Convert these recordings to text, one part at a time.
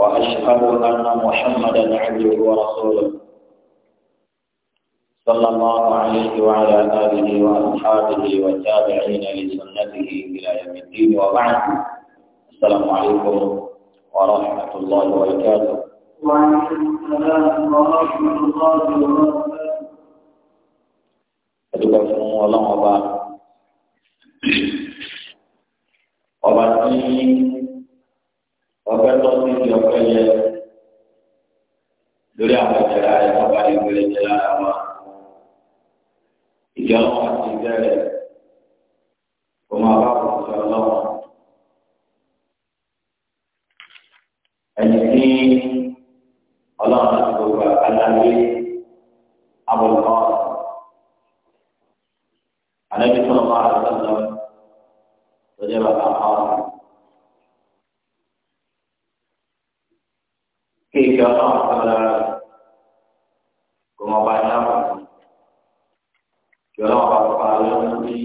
وأشهد أن محمدا عبده ورسوله صلى الله عليه وعلى آله وأصحابه والتابعين لسنته إلى يوم الدين وبعد السلام عليكم ورحمة الله وبركاته وعليكم السلام ورحمة الله وبركاته أدعوكم الله وبارك وبارك ọpẹ́ tó ti di ọpẹ́ yẹ lórí àwọn ìjẹrà rẹ wọn bá lè gbélé jẹ lára wọn ìjọ wọn àti ìjẹ rẹ kò máa bá kò sí ọlọ́wọ́ ẹni tí ọlọ́run àti gbogbo àgbàláyé abọ́lùkọ́ àlejò tó ń bá àlọ́ tó jẹ́ bàbá àwọn. tí ìjọ náà banyak. sọ lára rẹ̀ kò mọ̀ bá yá wọ̀ sí. ìjọ náà bá fọ́ alóhùn sí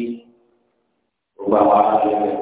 gbogbo àwọn aṣọ rẹ̀.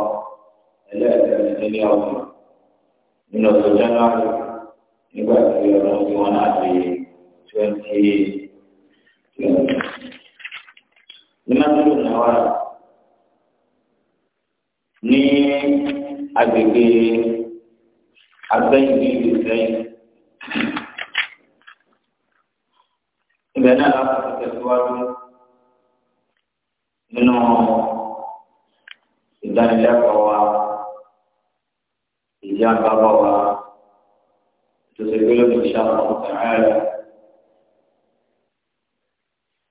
sí ní ọgbọ̀n nínú ọ̀sẹ̀ january nígbà tí ọdún tí wọ́n náà di twenty twenty. nínú àdúgbò náà wà ní agbègbè agbẹ́yìn ní ìlú sẹ́yìn. ibẹ̀ náà láti tẹ̀síwájú nínú ìdánilẹ́kọ̀ọ́ wa ìyá bàbá wa tó ṣe gbé lónìí ìṣá àwọn ọ̀tàrà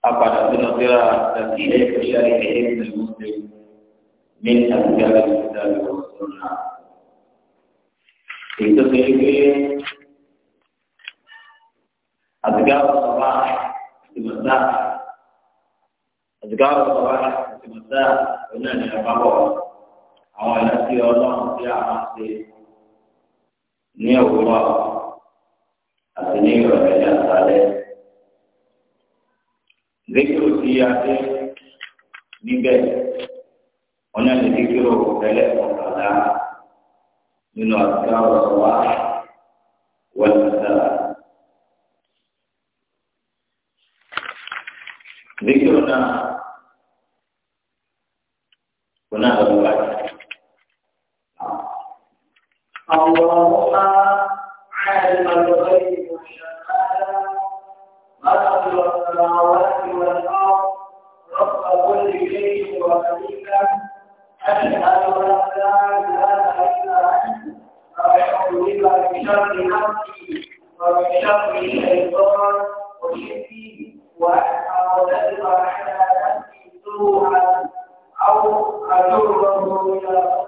apàdà tó nàbẹ́rà àti ilé ìfẹ́ṣẹ́ ilé ìfẹ́ṣẹ́ ní àbújá lẹ́yìn ìdájọ́ ọ̀sán náà. èyí tó ṣe gbé أذكار الصباح في مساء أذكار الصباح في مساء قلنا يا بابا أو أنا في الله في عمسي ní òwúrọ̀ àti ní ìrọ̀lẹ́ ní àṣálẹ́. Zikiro tí a dé níbẹ̀, wọ́n náà ní zikiro tẹ́lẹ̀ kọ̀ọ̀kan nínú àti káwọ̀ sọ̀wá wọ́n ti sára. أجره إلى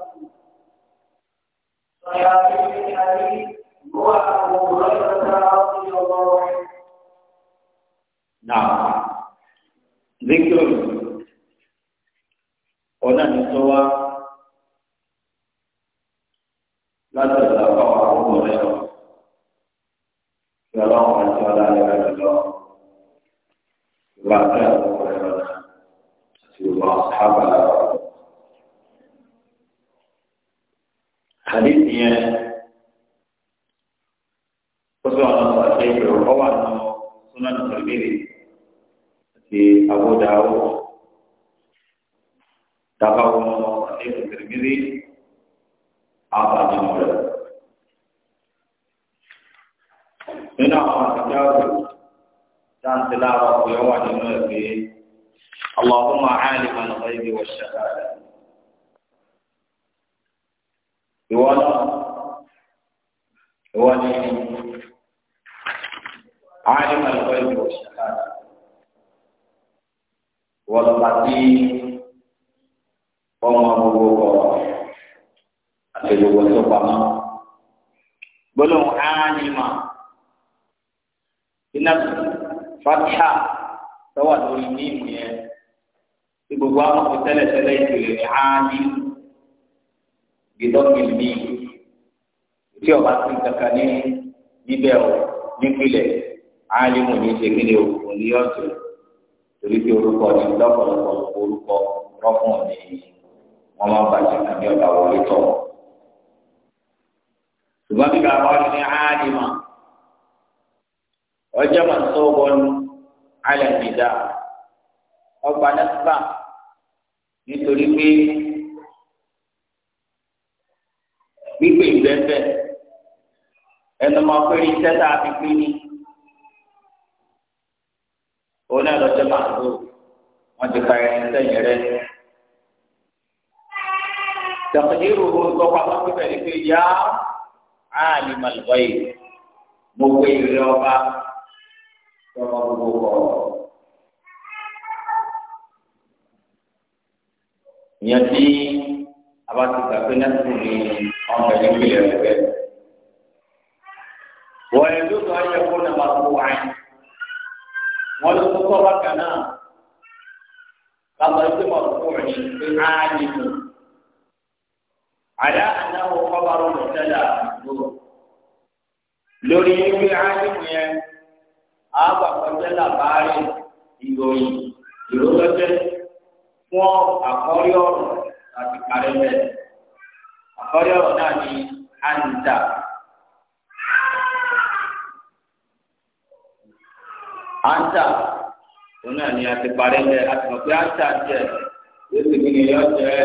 tẹ́lẹ̀tẹ́lẹ̀ ìpìlẹ̀ ááyí gbẹdọ́gbìn mi tí ọba ti kankan ní níbẹ̀ o nípìlẹ̀ ááyí mo ní ṣe kí ni o kò ní ọ̀sẹ̀ torí pé orúkọ ní lọ́pọ̀lọpọ̀ orúkọ rọ́pọ̀ ní wọ́n máa bàjẹ́ kàmí ọ̀dà wọlé tọ̀. ṣùgbọ́n bí bàbá wọn ní ááyí mọ̀ ọjọ́ mọ̀ sọ́wọ́n alẹ́ nìdá ọgbà náà nítorí pé gbígbé ìgbẹ́fẹ́ ẹnu máa pé iṣẹ́ tá a fi pín ní òun náà lọ́jọ́ máa lò wọ́n ti ka ẹni sẹ́yìn rẹ̀. Tẹ̀kọ̀dérò orúkọ pamọ́ síbẹ̀ ni pé yá àlìmọ̀lùbọ̀ yìí mo gbé ìrẹ́ ọba. ìyẹn tí abatisa pé nẹ́sìn ní ọmọ ẹ̀yẹ ìpìlẹ̀ ẹ̀fẹ́. wọ́n yẹ ló sọ ayé kó nàmà kó wáyé wọ́n ló kókó bákan náà lọ́sọ̀ ìpè mọ̀tò ní pé ááyé mi. àdá àdáwò kọ́bárò ló tẹ́lẹ̀ àdúgbò lórí ìwé ááyé mi yẹn àgbàkọ́jẹ́ làbárí ìròyìn ìrólọ́jẹ́ fún àkọ́rí ọ̀rọ̀ àti kárẹ́ bẹ́ẹ̀. àkọ́rí ọ̀rọ̀ náà ni àǹdà. àǹdà òun náà ni àti kárẹ́ bẹ́ẹ̀ àti mọ̀ pé àǹdà jẹ́ yóò sì gbìyànjú yóò jẹ́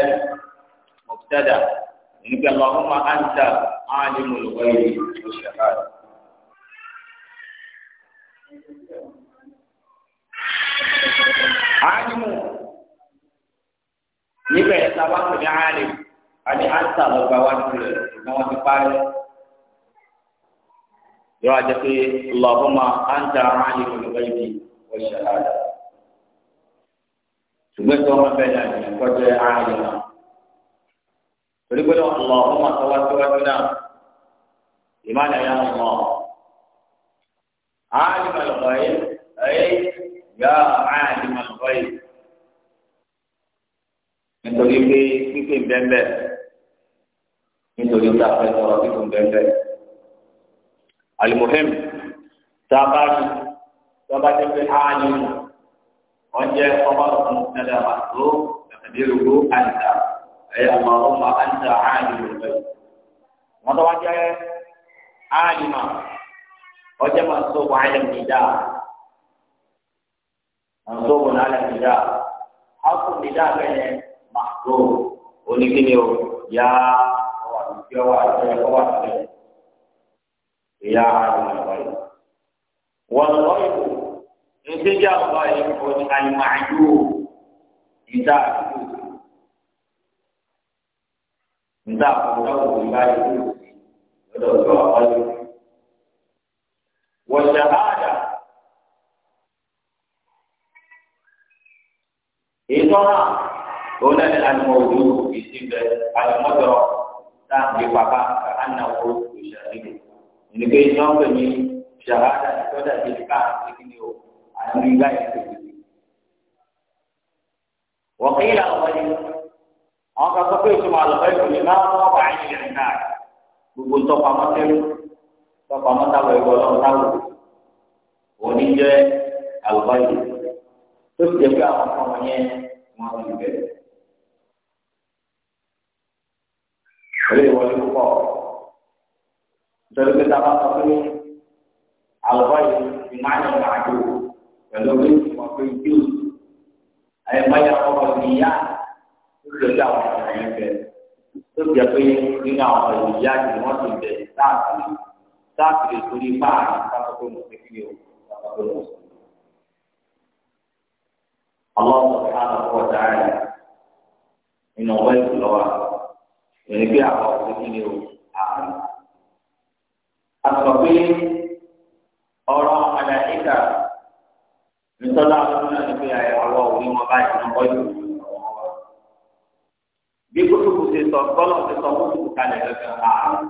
mọ̀tẹ́dà nígbà lọ́kùnmá àǹdà alimul ghaibi wash-shahada. alimu níbẹ̀ sábà tó ní àlè àti àǹtà lọ́gbà wá sí rẹ̀ ṣùgbọ́n wọ́n ti parí. yọ àjẹ pé lọ́bùmá àǹtà àlè olùkọ́ ibi wọ́n ṣe àdá. ṣùgbọ́n tí wọ́n fẹ́ dà ní kọjá àlè náà. torí pé lọ́bùmá tọwọ́ síwájú náà ìmáàlì ayé àwọn ọmọ. àlè màlúkọ̀ yìí ẹ̀yẹ́ yá àlè màlúkọ̀ yìí nítorí pé pípé ń bẹ́ẹ̀ nítorí pé àfẹ́ sọ̀rọ̀ pípé ń bẹ́ẹ̀ alimuhim tá a bá rí tá a bá jẹ́ pé á ní wọ́n jẹ́ ọba ọ̀sán nílẹ̀ àbàtó ẹ̀ẹ́dẹ́rùgbó àìsà ẹ̀yà ọmọ ọmọ àìsà á ní ìrọ̀lẹ́ wọ́n tó wá jẹ́ á ní mà ọjọ́ máa tó wàhálà nìjà àwọn tó wọ̀ lálẹ́ nìjà á kò nìjà bẹ́ẹ̀ màtó oníkíni o yá ọwà àti ọwà àti ọwà àti ìyá àdùnnà báyìí. wọ́n lọ ìbò nígbèjà ọ̀gá yìí kò ní àyùmáyù ìdá àdúgbò ìdá àkùnrin ọ̀gbìn báyìí lọ́dọ̀ ọ̀gá ọ̀gbìn. wọ́n ṣàhádà. ìtọ́ra òun náà ní alimọ ojú ìsìn bẹ alimọ jọ tá a gbé papa ká á nà owó ìṣàlẹ̀ nìgbẹ́ ní wọ́n pè ní ṣàhádà ìtọ́jà ìdílé káàkiri kí ni o àti ìgbà ìṣèlú. وقيل أولي أو كتبت مع البيت لما وقع عين الناس gbogbo tọpa mọtẹrù tọpa mọtàwọ ẹgbẹ Ọlọ́run táwọ òní jẹ àlùbáyé tó ti jẹ pé àwọn ọmọ yẹn wọn ti bẹ̀rẹ̀ ilé ìwọlé púpọ̀ nítorí pé tá a dan sọ pé àlùbọ́ yìí ni máa ń yàn máa dùn pẹ̀lú orí ìwọ̀n pé yóò àyè báyà ọmọ ìyá lórí àwọn ọmọ yẹn bẹ tó jẹ pé nínú àwọn ọmọ ìyá ni wọ́n Allah subhanahu wa ta'ala inna wa yuqlawa ẹni pé àwọn ọ̀sẹ̀ kí ni o àárín. a sọ pé ọ̀rọ̀ ọ̀padà níta nítorí àwọn náà ní pé ọ̀rọ̀ òní wọn báyìí wọn bọ́ ìlú bí gbólóhùn ṣe sọ gbọ́dọ̀ ṣe sọ gbólóhùn kalẹ̀ lọ́sẹ̀ àárín.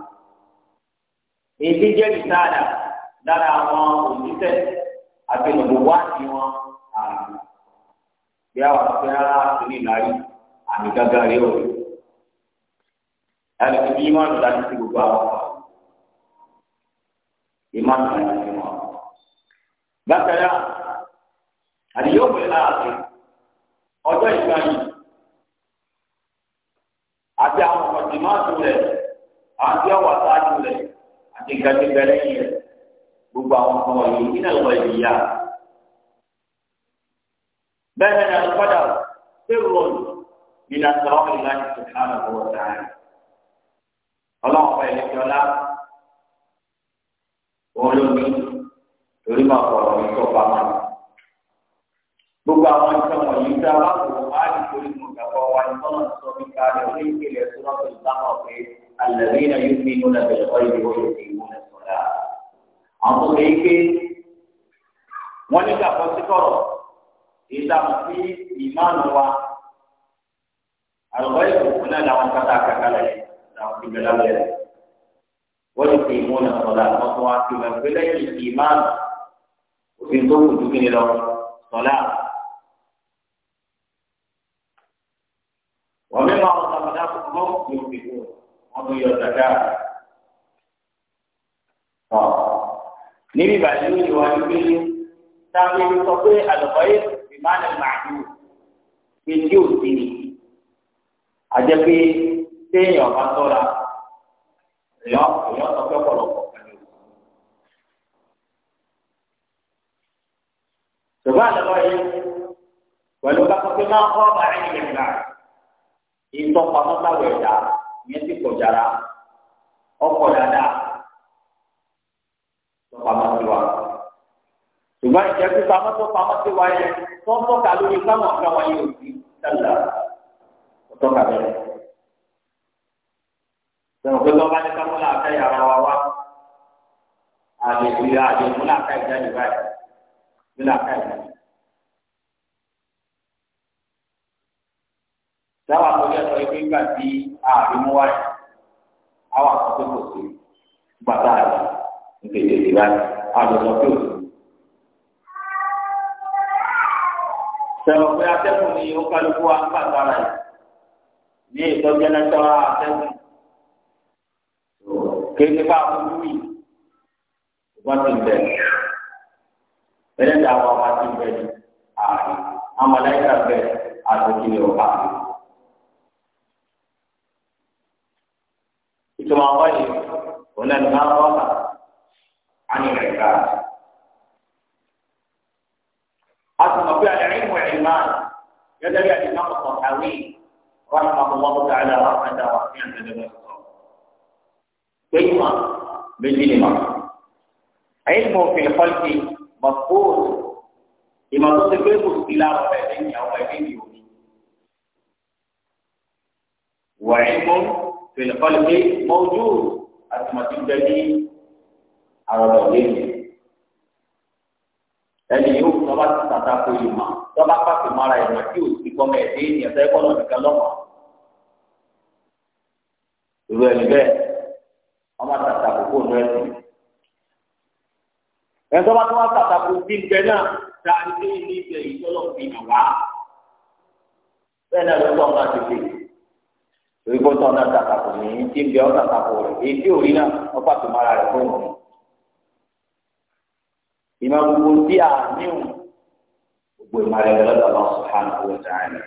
èdè jẹ́ ìtaàdà lára àwọn òṣìṣẹ́ àti ìbùwádìí wọn àárín. bí a wà pé ara àti nílàyé àmì gágá rí òòlù ẹni tó bí ìmọ̀nù láti ti gbogbo àwọn ọmọ ìmọ̀nù láti ti wọn. bákan náà àdìyẹ òbí láàbí ọjọ́ ìgbà yìí àti àwọn ọmọ tìmọ́tò rẹ̀ àti ọwọ́ àtàjù rẹ̀ àti gàdégbẹ lẹ́yìn rẹ̀ gbogbo àwọn ọmọ yìí nínú ìwà ìyá. bẹ́ẹ̀ ni àlùfáàdà ṣé rọ̀lù nínú àtàwọn ìlànà ìṣèkánná ọ̀wọ̀ dáhùn ọlọ́run ọba ìlú fiọ́lá òun ló ní torí máa fọ̀rọ̀ ní tó bá wọn. gbogbo àwọn ìṣẹ́ wọ̀nyí dá wà kó má ní torí mo gbàgbọ́ wa ní tọ́nà sọ mi ká rẹ̀ ó ní ìpìlẹ̀ tó lọ́tọ̀ ìdáhùn pé àlẹ́rí náà yóò fi inú lẹ́bẹ̀ẹ́ lọ́wọ́ ìdí wọ́n yóò fi inú lẹ́ sọ̀rọ̀. àwọn tó lè ké wọ́n ní gbàgbọ́ sí kọ̀rọ̀ ìdáhùn sí ìmánu wa àlùbọ́ ìkòkò náà làwọn kátà kàkálẹ̀ yìí àwọn ti bẹ lábẹ́ rẹ̀ wọ́n ti fi ìmọ̀ náà sọ̀lá wọ́n tún wá sí ìmọ̀ pé lẹ́yìn ìmáàmù òfin tó kù dúkìá ni lọ sọ̀lá. wọ́n mímọ́ àwọn sàmúdá fúnfọ́ yóò fi kú wọ́n tún yọ sàkà. níbi ìbàdí ní wọ́n ti táwọn ẹni sọ pé àlùkò yìí ìmáàmù màdùn kí n yóò ni. àjẹpé téèyàn bá tọ́ra èèyàn èèyàn sọ pé ọ̀pọ̀lọpọ̀ pẹ̀lú. ṣùgbọ́n àlọ́ yìí pẹ̀lú kápẹ́ pé máa kọ́ ọ̀bà rẹ̀ nílẹ̀ gbà ìtọ́pamọ́ táwọn ẹ̀dá yẹn ti pọ̀ jára ọkọ̀ dáadáa tọ́pamọ́ sí wa. ṣùgbọ́n ìjẹ́kú pamọ́ tó pamọ́ sí wa tó ń tọ́ka lórí káwọn ọ̀gá wa yóò sálà ọ̀tọ́ka bẹ́ẹ̀ sọ̀rọ̀ pé lọ́ba ní kámúlà afẹ́ yàrá wa wá àlèkùlà àlèkùlà afẹ́ ìjáde báyìí nílà afẹ́ ìjáde. Dáwà tó yẹ sọ pé nígbà tí ààrin mú wáyé, àwọn àkọ́kọ́ kò sí gbàtà rẹ̀ nítorí èdè báyìí, àlọ́sọ pé òsì. Sọ̀rọ̀ pé atẹ́kùn ni ó kálukú wa ń gbàgbára yìí ní ìtọ́jú ẹlẹ́tọ́ atẹ́kùn. kéde bá wọn lù ti bẹ ẹlẹ́dàá wọn bá ti bẹ ààrẹ amọ̀lẹ́kà bẹ àtòkìlẹ̀ ọba. ìtumọ̀ àwọn yìí wọn lẹ́nu náà wọ́n á ní ẹ̀ka. a sì mọ̀ pé àlẹ́ ìmọ̀ ẹ̀ máa gẹ́gẹ́ bí àti náà kọ̀ọ̀kàwé wọn kà mọ̀ wọn kọ̀ọ̀kà àlẹ́ àwọn àti àwọn àti كلمة بالكلمة علم في الخلق مفقود ìmọ̀ tó ti gbé kùsùn ìlànà rẹ̀ lẹ́yìn àwọn ẹbí ni òní. wàá mú fìlìfọ́lì pé mọ́jú àtìmọ̀tì ń bẹ ní àròlọ̀ lẹ́yìn. ẹni yóò fún ọba ti tàta kó ìmọ̀ tọ́ba pàṣẹ mọ́ra ìmọ̀ tí ò sí kọ́mọ ẹ̀dẹ́ ènìyàn tó ẹ̀kọ́ lọ́nà kan lọ́mọ. ìrù ẹ̀mí bẹ́ẹ̀ ọmọ tàtà kókó ní ẹsìn ẹsọ bá tó wá tàtà kókó bí nbẹ náà ta ilé ilé ibẹ ìjọlọ fi hàn wá bẹ́ẹ̀ náà ló tọ́ ọmọ àtẹ̀tẹ̀ torí kó tọ́ ọ̀nà tàtà kò ní tí nbẹ ọ̀ tàtà kò rẹ̀ èyí tí òrí náà wọ́n pàtó mara rẹ̀ fún òun ìmọ̀ gbogbo tí a níhùn gbogbo ìmọ̀ rẹ̀ lọ́dọ̀ lọ sùhánù owó sàánì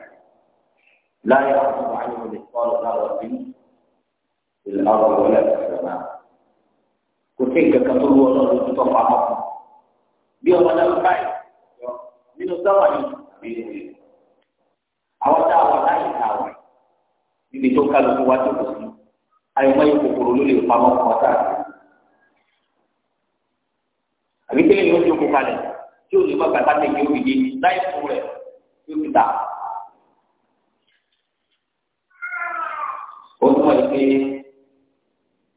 láyé àwọn ọmọ àyẹ̀wò ìgbà kò sí ìkẹ̀kẹ́ tó wú ọlọ́run lójú tó pa mọ́kù bí ọmọ náà báyìí nínú sáwà ní àbí ìwé àwọn tá a wà láyé tá a wà níbi tó kálukú wá tó kù sí àyùmọ́ yìí kòkòrò ló lè pa mọ́kù ọ̀tá àbí kílẹ̀ ni ó jókòó kalẹ̀ tí ò ní má gbàgbá tẹ̀ kí ó láì fún rẹ̀ tó ti tà. ó túmọ̀ ní pé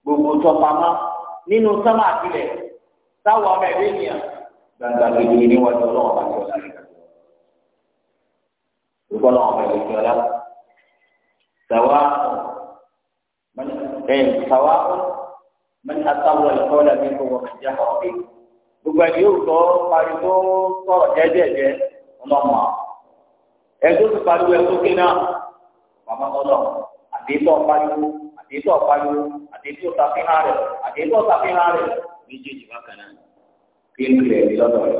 gbogbo tọpamọ nínú sọmọ àtìlẹ táwọn ọmọ ẹgbẹ́ ènìyàn gbàgbà gbèdéke níwájú Ọlọ́run bá ti ọlá rẹ gbogbo Ọlọ́run bá ti ọlá sàwa ẹ sàwa mẹni àtàwọn ẹlẹkọ lẹbi kó wọn kìí jáfa ọbẹ gbogbo ẹni yóò tọ pariwo sọ̀rọ̀ jẹ́jẹ́jẹ́ ọlọmọ ẹ tó ti pariwo ẹ tó ké bàbá Ọlọ́run àbí tọ pariwo àdéhùn ọ̀páyọ àdéhùn ọ̀sàfihàn rẹ̀ àdéhùn ọ̀sàfihàn rẹ̀ méjèèjì bákan náà kí n kílẹ̀ ní lọ́dọ̀ rẹ̀.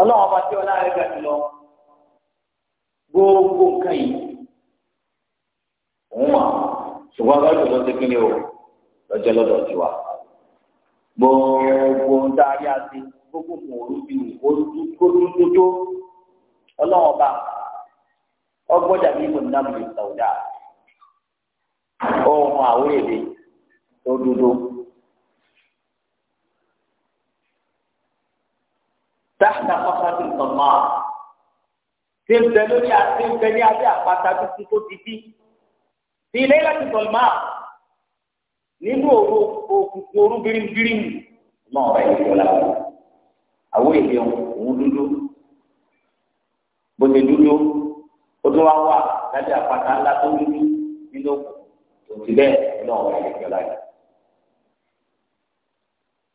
ọlọ́run ọba tí ọlá rẹ̀ gbà jùlọ gbogbo nǹkan yìí òun wà ṣùgbọ́n lọ́jọ́ ló ti kí ni o lọ́jọ́ lọ́dọ̀ ti wà gbogbo ń darí àti gbogbo kò rúbi kó dúdú tó ọlọ́run ọba ọgbọ́n dàbí ìbò nàmú lè sàwùdà ohun àwọn èdè tó dúdú. dáhùnà pàtàkì sọ̀mọ́ ti ń bẹ lórí àti ń bẹ ní abẹ́ àpáta tuntun tó ti bí. ti ilé láti sọ̀mọ́ nínú òru òkùnkùn òru biribirim náà ọ̀rẹ́ yìí wọlé àwọn àwọn èdè òun dúdú bó ti dúdú ó tún wá wà lábẹ́ àpáta ńlá tó ní ní nínú òtí bẹ́ẹ̀ náà wọ́n lè jọ láyé.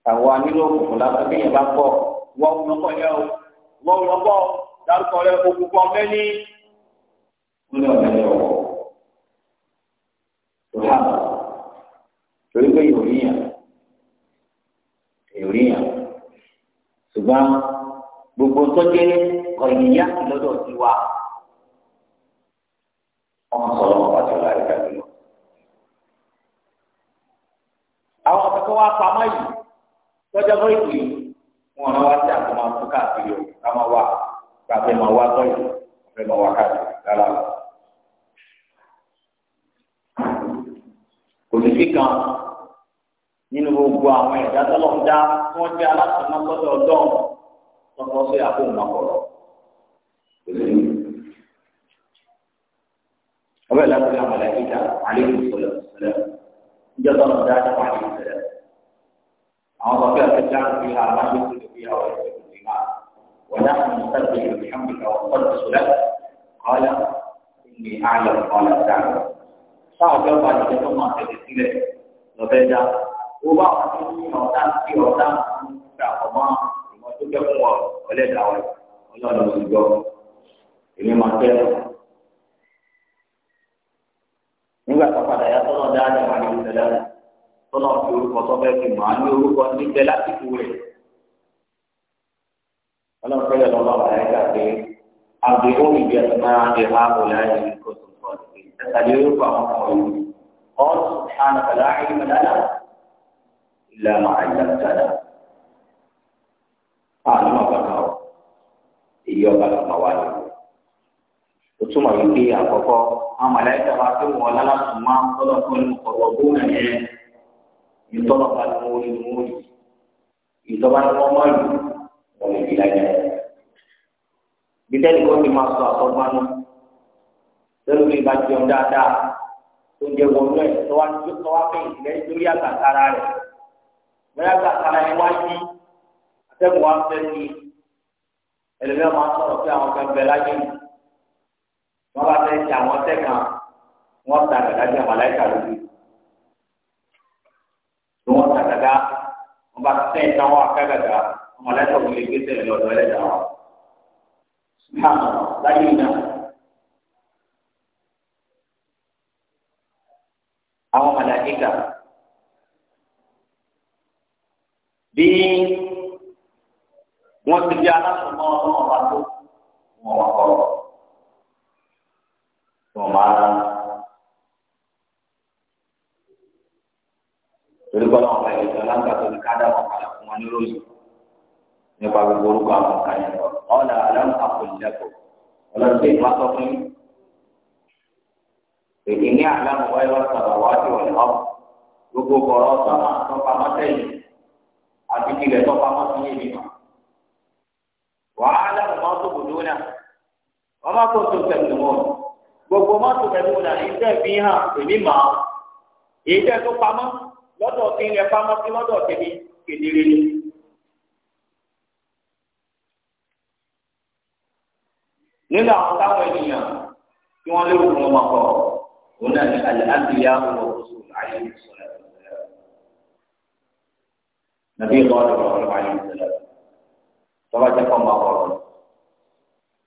àwọn anílò òkùnkùn lásán bí yẹn bá pọ̀ wọ́n ń lọ́kọ̀ yẹ o wọ́n ń lọ́kọ̀ dárúkọ rẹ òkùnkùn ọ̀fẹ́ ní. ó ní ọ̀fẹ́ ní ọ̀wọ́ tó hà torí pé yóò ríyàn yóò ríyàn ṣùgbọ́n gbogbo tó jẹ́ ọ̀yìn yá lọ́dọ̀ tiwa ọmọ sọlọ ọba tó la ẹgbẹ tó lọ. àwọn akẹ́kọ̀ọ́ wa pamọ́ yìí tọ́jà bọ́ ìlú yìí wọn náà wá sí àgọ́ máa fún káàkiri o ká máa wá ká fẹ́ máa wá tọ́ yìí fẹ́ máa wá káàkiri rárá o. kò sí nínú gbogbo àwọn ẹ̀dá tọ́lọ́ ń dá tí wọ́n jẹ́ alásùnmọ́ lọ́dọ̀ ọdọ́ tọ́kọ́ sí àbóhùn náà kọ̀ọ̀rọ̀ kò وما لا تقع عليه الصلاة والسلام جدر ذات عليه السلام عرفة تجعل فيها ما يسلك فيها ويسلك فيها ونحن نسبح بحمدك ونقدس لك قال إني أعلم قال تعالى صعب يوقع لكم في السلة لبدا وبعض الناس يوضع في يوضع فأما لما تجمع ولا دعوة ولا نسجد ما تجمع nígbà tó padà yá tọ́lọ̀ dáadáa wà ní ìṣẹ̀lẹ̀ rẹ̀ tọ́lọ̀ fi orúkọ tó fẹ́ fi mọ̀ á ní orúkọ níbẹ̀ lásìkò rẹ̀. ọlọ́pẹ́lẹ̀ lọ́lọ́ ààrẹ gbà pé àgbẹ̀ omi bí ẹ̀sìn máa ń lè ha kò láyé ní kó tó kọ́ ọ̀dùnkè ẹ̀sàdé orúkọ àwọn ọmọ yìí ọ̀sùn ànàkàlà àyè ìlànà àyàtàdà àlùmọ̀ bàtà ọ̀ èyí ọba lọ́mọ wáyé ó túmọ̀ wípé àkọ́kọ́ àwọn mọ̀lẹ́kà wa tó wọ̀ lálàtúmọ̀ tọ́lọ́kọ́ ní ọ̀rọ̀ bóyá yẹn ìtọ́lọ̀ bá ní wọ́n rí wọ́n rí ìtọ́ba ní wọ́n mọ̀lù wọ́n lè fi láyé. bíjẹ́ni kan ti máa sọ àtọ́gbánú lẹ́nu bí ìbá jẹun dáadáa tó ń jẹ wọnú ẹ̀ tọ́wá fẹ̀yìn lẹ́yìn lórí àgbàkára rẹ̀ lórí àgbàkára yẹn wáyé atẹ́gùn wọn bá fẹ́ ṣe àwọn tẹ́kan wọn ta dàda bí àmàlẹ́kà lórí ni wọn ta dàda wọn bá tẹ́ ẹ̀ táwọn akágàgà àmàlẹ́kà ò lè gbé sẹ́yìn lọ́dọ̀ ẹlẹ́dàá wọn. sùhàn láyé náà àwọn màlàíkà bí wọ́n ti di alásùnmọ́ ọlọ́wọ́ bá tó wọn wà kọ́ wọn Jadi kalau orang bọ́lá wọn fẹ́ ìjọ láǹkà tó ní káàdà wọn padà fún wọn níròyìn nípa gbogbo orúkọ àwọn kan yẹn lọ ọ̀là aláǹkà kò ní lẹ́kọ̀ọ́ ọlọ́dún tẹ̀ wá sọ fún yín èyí ní àlámù wáyé wá sọ̀rọ̀ wá sí wọ̀nyí ọ̀ gbogbo kọ̀ọ̀rọ̀ sọ̀rọ̀ àtọ́pamọ́ sẹ́yìn àti tilẹ̀ tọ́pamọ́ sí yé mi mọ́ wàhálà mọ́tò bùdó gbogbo mọ́tò pẹ̀lú ọ̀nà ìjẹ́ fi hàn èmi mà èyí tẹ́ tó pamọ́ lọ́dọ̀ kí n lẹ pamọ́ sí lọ́dọ̀ tèmi kedere ni. nínú àwọn táwọn ènìyàn tí wọ́n lérò fún ọmọ kọ òun náà ní alẹ́ àgbéyà ọ̀rọ̀ oṣù ayé ìṣọ̀lẹ̀ nàbí ìlọrin ọ̀rọ̀ ayé ìṣọ̀lẹ̀ tọ́wọ́ jẹ́ fún ọmọ kọ̀ọ̀rọ̀.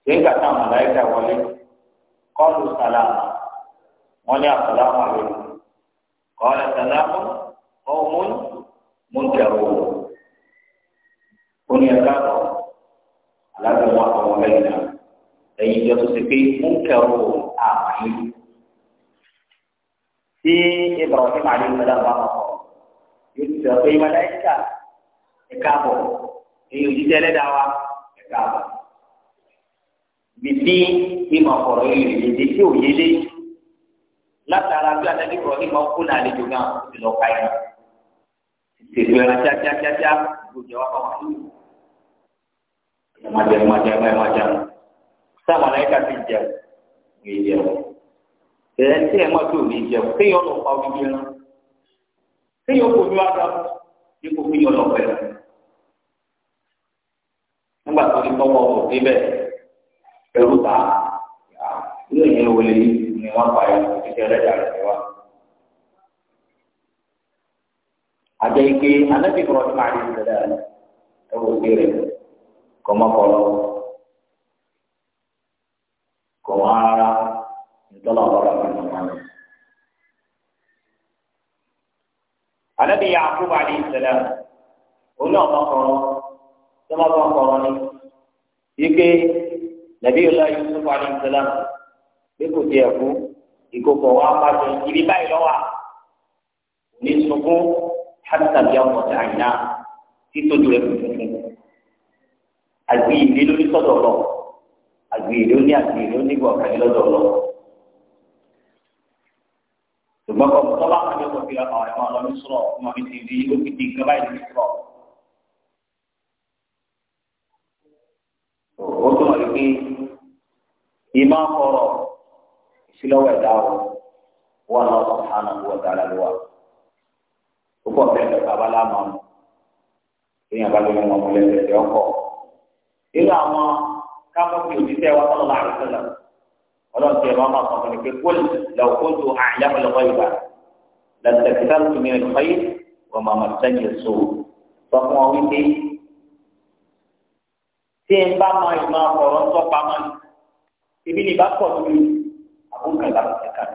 nígbà táwọn àlàyé wọlé kọlu sàlámù wọn ní àsàlámù àlejò kọlu sàlámù ọhún múntẹ̀wò ó ní ẹ̀ka kọ aláàbò wọn àwọn lẹ́yìn náà ẹ̀yìn ìjọ tó ti pé múntẹ̀wò àmàlí tí Ibrahim alayhi salam bìtí ìmọ̀ ọ̀rọ̀ yìí èdè tí ò yélé látara bí anabi kọ̀ ní mọ̀ kó náà àlejò náà ti lọ ka yẹn tètè ẹran kíákíákíá gbòjò wa kọ́ ẹ̀ máa jẹun máa jẹun ẹ̀ máa jẹun sáwọn aláìka ti jẹun ẹ̀ jẹun ẹ̀ tí ẹ̀ máa tó ò ní jẹun kéèyàn lọ pa omi jẹun kéèyàn kò ní wá gbà dípò kéèyàn lọ pẹ̀lú nígbà tó ní kọ́kọ́ kò débẹ̀ ẹrú bá ilé yẹn wọlé ni wọn fà yà títí ẹlẹ́dàá rẹ̀ wá. àjẹ́ ike anábì kọ́ ọdún àdé ìṣẹ̀lẹ̀ rẹ̀ ẹwọ́ òbí rẹ̀ kọ́mọkọ́lọ́ kọ́mọ ara ntọ́lá ọ̀rọ̀ rẹ̀ nínú wọn. anábì yà àkúbà àdé ìṣẹ̀lẹ̀ rẹ̀ oní ọ̀mọkọ́lọ́ ni ike nàbí ọlá yusuf alayhisalaam bí kò tiẹ̀ kú ìkókò wa bá tó ibi báyìí lọ́wọ́ ní sunkún hàtà bí ọmọ tà àyìnà títójú rẹ fúnfún àgbì ìlú lórí sọ́dọ̀ lọ àgbì ìlú ní àgbì ìlú nígbà ọ̀kàní lọ́dọ̀ lọ. ṣùgbọ́n kọ́ tọ́lá kan yóò fi ra àwọn ẹ̀ma ọlọ́run sọ̀rọ̀ ọmọ mi ti di ó fi di nǹkan báyìí lórí sọ̀rọ̀. ó tún wà wípé ìmọ̀ kọ̀rọ̀ ìsílọ́wọ́ ẹ̀dá o wọn náà subhanahu wa ta'ala ló wà púpọ̀ bẹ́ẹ̀ bẹ́ẹ̀ bàbá láàmú èèyàn bá lóyún ọmọ lẹ́sẹ̀ ọkọ̀ irú àwọn káfọ́ọ̀kì òjíṣẹ́ wa sọ́nà láàrin sọ́nà ọlọ́ọ̀tì ẹ̀rọ máa sọ fún mi pé kúl lọ́kọ́tù àyàmú lọ́kọ́ ìgbà lẹ́sẹ̀kítàlù mi ò fẹ́yì wọ́n máa máa sẹ́yìn so sọ fún ọ wípé tí n bá máa ìmọ̀ ọ̀rọ̀ ń tọ́pa máa ní ibi ni ìbá pọ̀ lórí àbúkà làbùkà kan.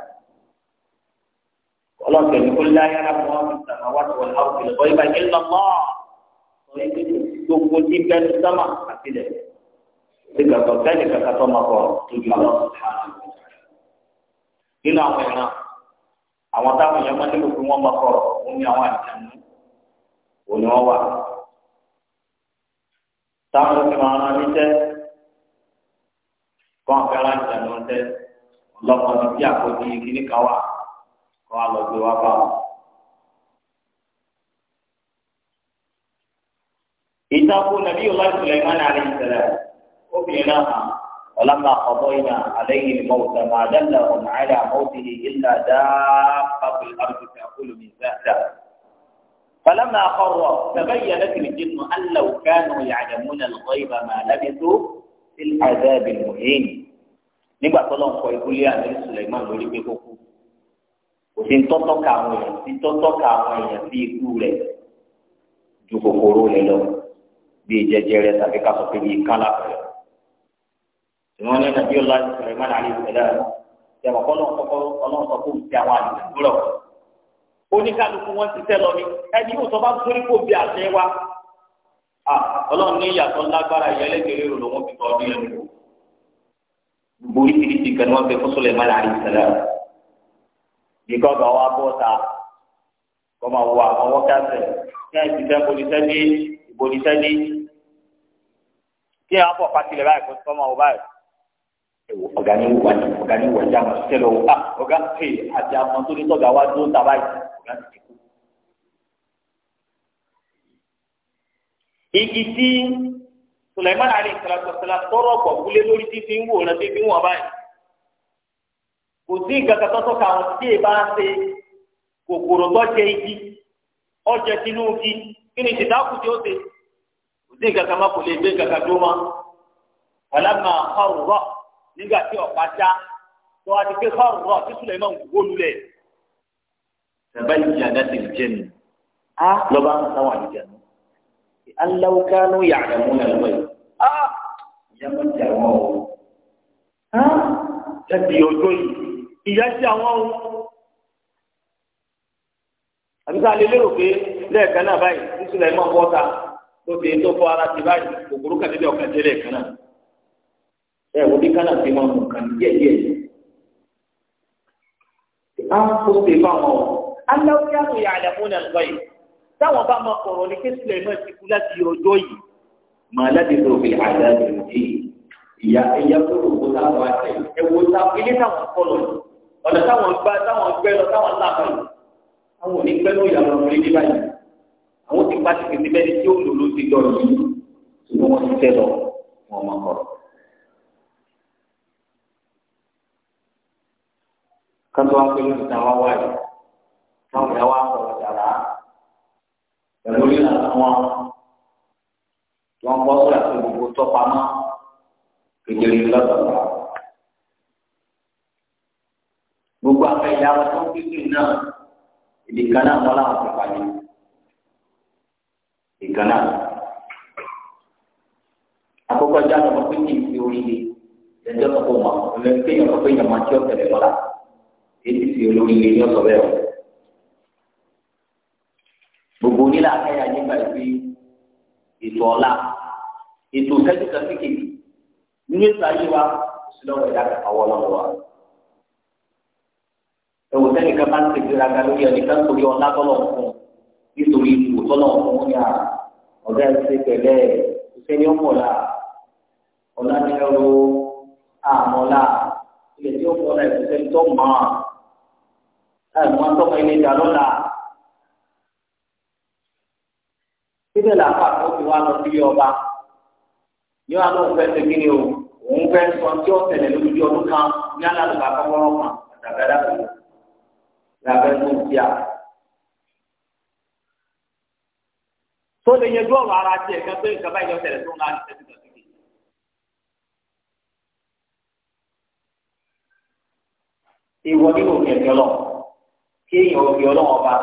ọlọ́ọ̀kẹ́ ni kó láyà rà mọ́ ìtàkà wá tó ọ̀là òkèlè bọ́ ibà ìkẹ́lẹ́ lọ mọ́ ọ̀rẹ́ gbogbo tí bẹ́ẹ̀ sọ́mà àti ilẹ̀ ìgbàgbọ́ sẹ́ni kàkà tó máa bọ̀ lójú àwọn nínú àwọn ìran àwọn táwọn èèyàn máa ń lò pé wọ́n máa kọ̀ ní àwọn àjàmú òní wọ́n wà táwọn ti máa rán níṣẹ́ kọ́ àgbàrá ìjànà ọ̀tẹ́ ọlọ́mọ ní bí àkọ́jú kíní kan wà kọ́ àlọ́gbé wá bá wọn. ìtàkù nàbí ọlọ́ọ̀ Sùlẹ̀mánà àlẹ́ ìṣẹ̀lẹ̀ obìnrin náà hàn ولما قضينا عليه الموت ما دلهم على موته إلا دابة الأرض تأكل من سأته فلما قر تبينت الجن أن لو كانوا يعلمون الغيب ما لبثوا àdáàbì mọ̀hìn nígbà tó lọ́n kọ ikú lé àmì Suleiman lórí pé kókó kò sí tọ́tọ́ka àwọn èèyàn sí tọ́tọ́ka àwọn èèyàn sí ikú rẹ̀ ju kòkòrò rẹ̀ lọ bíi jẹjẹrẹ tàbí ká sọ pé bíi kálá rẹ̀ ìwọ́n ní nàbí ọlá Suleiman àlè ìṣẹ̀lẹ̀ ìjàmbá kọ́ lọ́n kọ́kọ́ ọlọ́n sọ fún ti àwọn àlè ìgbúrọ̀ oníkálukú wọn ti tẹ́ lọ ní ẹni yóò sọ bá sórí kò bí àṣẹ wa ọlọ́run ní ìyàtọ̀ lágbára ìyálẹ́gbẹ̀rẹ́ rò lọ́wọ́ fi tọ́ ọdún yẹn lò gbogbo oríṣiríṣi kan ní wọ́n fẹ́ fún Suleiman alayhi salam bíkọ́ gba wa bọ́ ta kọ́ máa wọ àwọn wọ́kẹ́sẹ̀ kí ẹ̀ ti fẹ́ bonisẹ́ ní ìbonisẹ́ ní kí ẹ̀ á bọ̀ pàtìlẹ̀ báyìí kó tọ́ máa wọ báyìí ọ̀gá ni wà ní ọ̀gá ni wà ní àmọ̀ sílẹ̀ lọ́wọ́ ọ̀gá àti àmọ̀ tó ní tọ́gà wa dó ń ta báyìí ọ̀gá ti igi tí Sulaiman ali sàlàsàlà tọrọ ọkọ wúlé lórí títí ń wò rántí fi ń wọn báyìí kò sí ìgbàgbọ́ tó tọ́ka àwọn tí èèbá ṣe kòkòrò tó jẹ igi ọjẹ sínú igi kí ni ìdìdáàkú tí ó ṣe kò sí ìgbàgbọ́ má kò lè gbé ìgbàgbọ́ tó mọ́ ọ̀làmà nígbà tí ọ̀pá já tó a ti gbé ọ̀rọ̀ tí Sulaiman wó lulẹ̀. ṣàbẹ̀lì ìyàdá ti jẹ́ mi lọ́ba ń sáwọn àdìjẹ́ mi aláwòkánú yàgàmú lẹ́wọ̀ yìí. a ìyá máa ń jẹ àwọn o. láti ọjọ́ yìí ìyá sí àwọn o. àbí sáà lè lérò pé lẹ́ẹ̀kan náà báyìí nísìlẹ̀ máa ń bọ́ ta tó fi tó fọ ara ti báyìí kòkòrò kàdédé ọ̀kan tẹ́lẹ̀ kan náà. ẹ wo bí kánà ti máa mú kan díẹ̀díẹ̀ yìí an kó se fáwọn o aláwòyàwó yà àdàmú táwọn bá máa kọ̀rọ̀ ní kí Suleiman ti kú láti ọjọ́ yìí màá láti lọ fi àdá lòdì ìyá ẹ̀yà tó lò wọ́n táwọn àtẹ ẹ̀wọ̀n táwọn ilé táwọn kọ́ lọ yìí ọ̀nà táwọn gbá táwọn gbẹ lọ táwọn làbà yìí àwọn òní pẹ́ lóyè àwọn ọmọ ilé báyìí àwọn ti pa tìkìtì bẹ́ẹ̀ tí ó lò ló ti lọ yìí ṣùgbọ́n wọ́n ti tẹ́ lọ wọn máa kọ̀rọ̀. kátó wá pé lóṣù táwọn wáyé táwọn ìyá wa kọ̀ọ̀ pẹ̀lú ìlànà wọn wọn bọ́ sọ́dà tó gbogbo tọ́pamọ́ kékeré lọ́dọ̀ọ́dọ̀. gbogbo àwọn ẹ̀yà tó ń pínpín náà èdè kan náà wọ́n láwọn ti pàdé èdè kan náà. àkọ́kọ́ jáde wọn pínpín ìfi oríire ẹjọ́ tó kó wọn ọ̀lẹ́ kéèyàn tó kéèyàn máa tí ọ̀tẹ̀lẹ̀ lọ́la èyí fi olóríire ní ọ̀sọ̀ bẹ́ẹ̀ wọ̀ onílà káyà nígbà ìgbé ètò ọ̀la ètò ìtẹ́jú kan kékeré nínú ètò ayé wa ìsúlọ́wọ́ ìdá àwọ̀ ọlọ́wọ́ wa. ẹ̀wọ̀n sẹ́ni kan bá ń tètè ra ga lórí ẹni kan torí ọ̀la tọ́lọ̀ fún nítorí ìbò tọ́lọ̀ fún ní à ọ̀gá ẹ̀sẹ̀ pẹ̀lẹ́ ìṣẹ́ni ọ̀pọ̀lá ọ̀la ní ẹ̀rọ àmọ́lá ilẹ̀ tí ó pọ̀ náà ìṣẹ́ni tó mọ̀ àìmọ́ tọ́mọ ilé ìdálọ́lá. bẹ́ẹ̀ làwọn àkókò wa lọ sí ọba yóò wá lóun fẹ́ ṣe kí ni o òun fẹ́ sọ tí ó tẹ̀lé lójú bí ọdún kan ní alálùbá kọ́kọ́rọ́ kan àtàgbà dàpọ̀ làbẹ́ tó ń tíya. tó lè yẹjú ọ̀rọ̀ ara tiẹ̀ kan pé ìjọba ìjọ tẹ̀lé tó ń láti tẹ̀lé tó ti kéde. ìwọ nínú òfin ẹ̀fẹ́ lọ kí èèyàn òfin ọlọ́wọ́n bá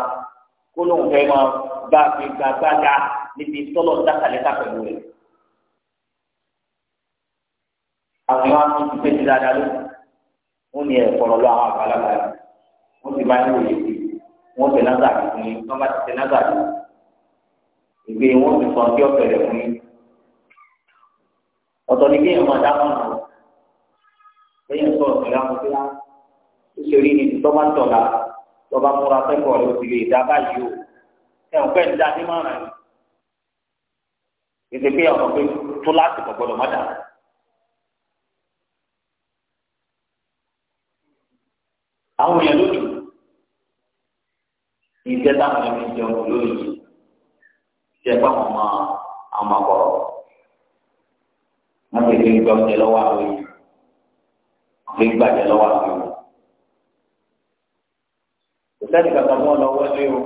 kó lóun fẹ́ máa gbàgbé gbàgbága níbi tọ́lọ̀ dákàlẹ́ ká pẹ̀lú rẹ̀. àwọn yóò wá tún pé ti dáadáa ló wọn ní ẹ̀fọ́rọ̀ lọ àwọn àgbàlagbà yìí wọn sì máa ń wòye sí wọn tẹ̀ náà gàdú fún yín wọn bá ti tẹ̀ náà gàdú ìgbé wọn ti sọ ọdí ọ̀fẹ́rẹ̀ fún yín ọ̀tọ̀ ni kéèyàn máa dáhùn ọ̀rọ̀ lẹ́yìn sọ ọ̀sẹ̀lẹ̀ amúgbéra ó ṣe rí ni tọ́ba tọ̀la tọ́ba múra fẹ́kọ̀ọ́ ló ti lè dá báyìí o ẹ̀ ń pẹ́ ń dá ní márùn-ún ìṣe pé ọmọ pé tó láti kọ gbọ́dọ̀ má dàrú. àwọn èèyàn lónìí ìṣe táwọn èèyàn fi jẹun lónìí ṣe é báwọn ọmọ àwọn akọrọ wọn ti fi gbọ ọjẹ lọ́wọ́ àwọn èèyàn wọn fi gbàjẹ lọ́wọ́ àwọn èèyàn kò sẹ́ni kankan mọ́ ọ lọ́wọ́ ẹ o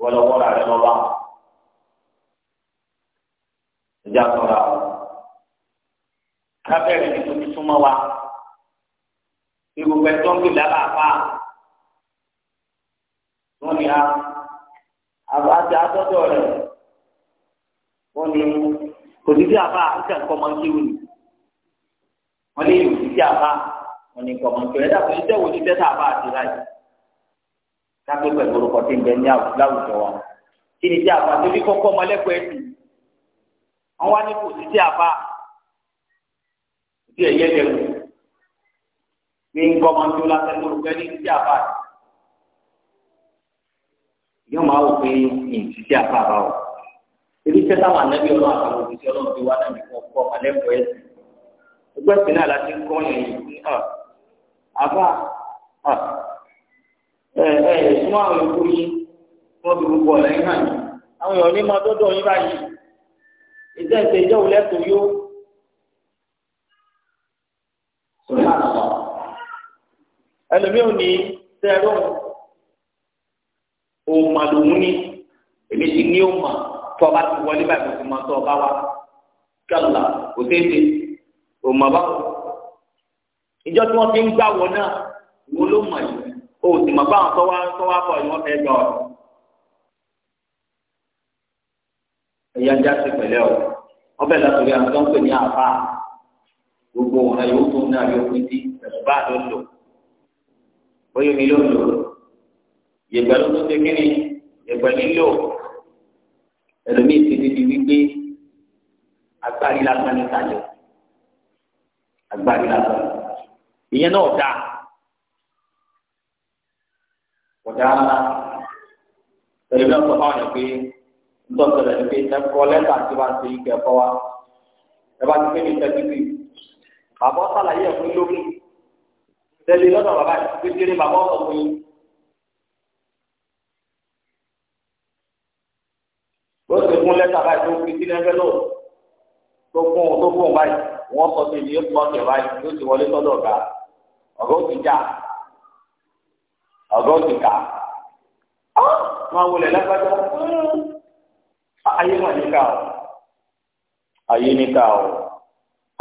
wọ́n lọ́wọ́ rà rẹ lọ́wọ́ àwọn ìjà sọ̀rọ̀ àwọn kábẹ́rẹ́ ni tó fi súnmọ́ wa ìgbòho ẹ̀tọ́ ń gbé lábà fà wọ́n ní a àbájá àtọ́jọ́ rẹ̀ wọ́n ní kò sí sí àbá àkókò ẹ̀kọ́ máa ń kí wù ní wọ́n ní ìlú sí sí àbá wọ́n ní kọ̀ọ̀mọ̀ kí wọ́n ẹ̀dá fún ní tẹ́tà àbá àti láì kápẹ́ pẹ̀lú orúkọ ń bẹ ní àwùjọ wa kí ni tí àbá tó ní kọ́kọ́ ọmọlẹ́kọ̀ọ́ ẹ̀sìn wọn wá ní kò sí tí a bá tí ẹyẹ lẹ wò ní nkọmọ tó lásán ló gbẹ ní tí a bá yóò máa wò pé ìyìn sí tí a bá bá wò ebi tẹ táwọn anabi Ọlọ́run àtàwọn òbíṣẹ Ọlọ́run fi wá náà nìkan kọ alẹkọ ẹsẹ ẹgbẹ sí náà láti kọ yẹn yìí hàn ah, àbá ah, ẹ ẹ súnmọ́ àwọn ìlú yìí wọn fi gbogbo ọ̀rẹ́ hàn yìí àwọn èèyàn ní máa dọ́dọ̀ yín báyìí ìjọ ìpè ìjọ wò lẹ́tọ̀ yó sùpàlọ́ ẹlòmíràn ní sẹ́rọ̀ òmà lòún ní èmi ti ní òmà tó ọba ti wọlé báyìí kò sì máa tó ọba wa kálá kò tètè òmà báwo ìjọ tí wọ́n fi ń gbà wọ náà wọ́n ló mọ̀ yìí o sì mọ̀ báwọn tọ́wá tọ́wá bọ̀ ni wọ́n fẹ́ gbà ọ̀rọ̀. ẹ̀yà já sí pẹ̀lẹ́ o ọbẹ̀ látòrí àwọn tó ń pè ní àfa gbogbo ọ̀nà yòó tó ní àbí òkú tí ẹ̀sùn bá ló lò bóyá omi ló lò yẹ̀gbẹ́ ló tó ṣe kíni yẹ̀gbẹ́ nílò ẹlòmíì ti di di wípé agbárí lásán ní ìtajà agbárí lásán ìyẹn náà dáa kò ẹlòmíì ọ̀pọ̀ báwọn yẹn pé ntọ́sọ̀rọ̀ ní pé ẹ̀kọ́ lẹ́tà tí wọ́n ti kẹ́ ẹ̀kọ́ wa ẹ bá ti pé ní sẹ́kítì bàbá sàlàyé ẹ̀kún lókè tẹ̀lé lọ́dọ̀ bàbá kékeré bàbá ọ̀sọ̀ ó ti kún lẹ́tà báyìí tó fi sílẹ̀ ẹgbẹ́ lọ́wọ́ tó kún tó kún báyìí wọ́n sọ pé ní ẹ̀kọ́ ọ̀sẹ̀ báyìí tó ti wọlé sọ́dọ̀ ọ̀gá ọ̀gá ó ti já ọ̀gá ó ti kà á máa wọlé lágbájá ayé mà níkà o ayé níkà o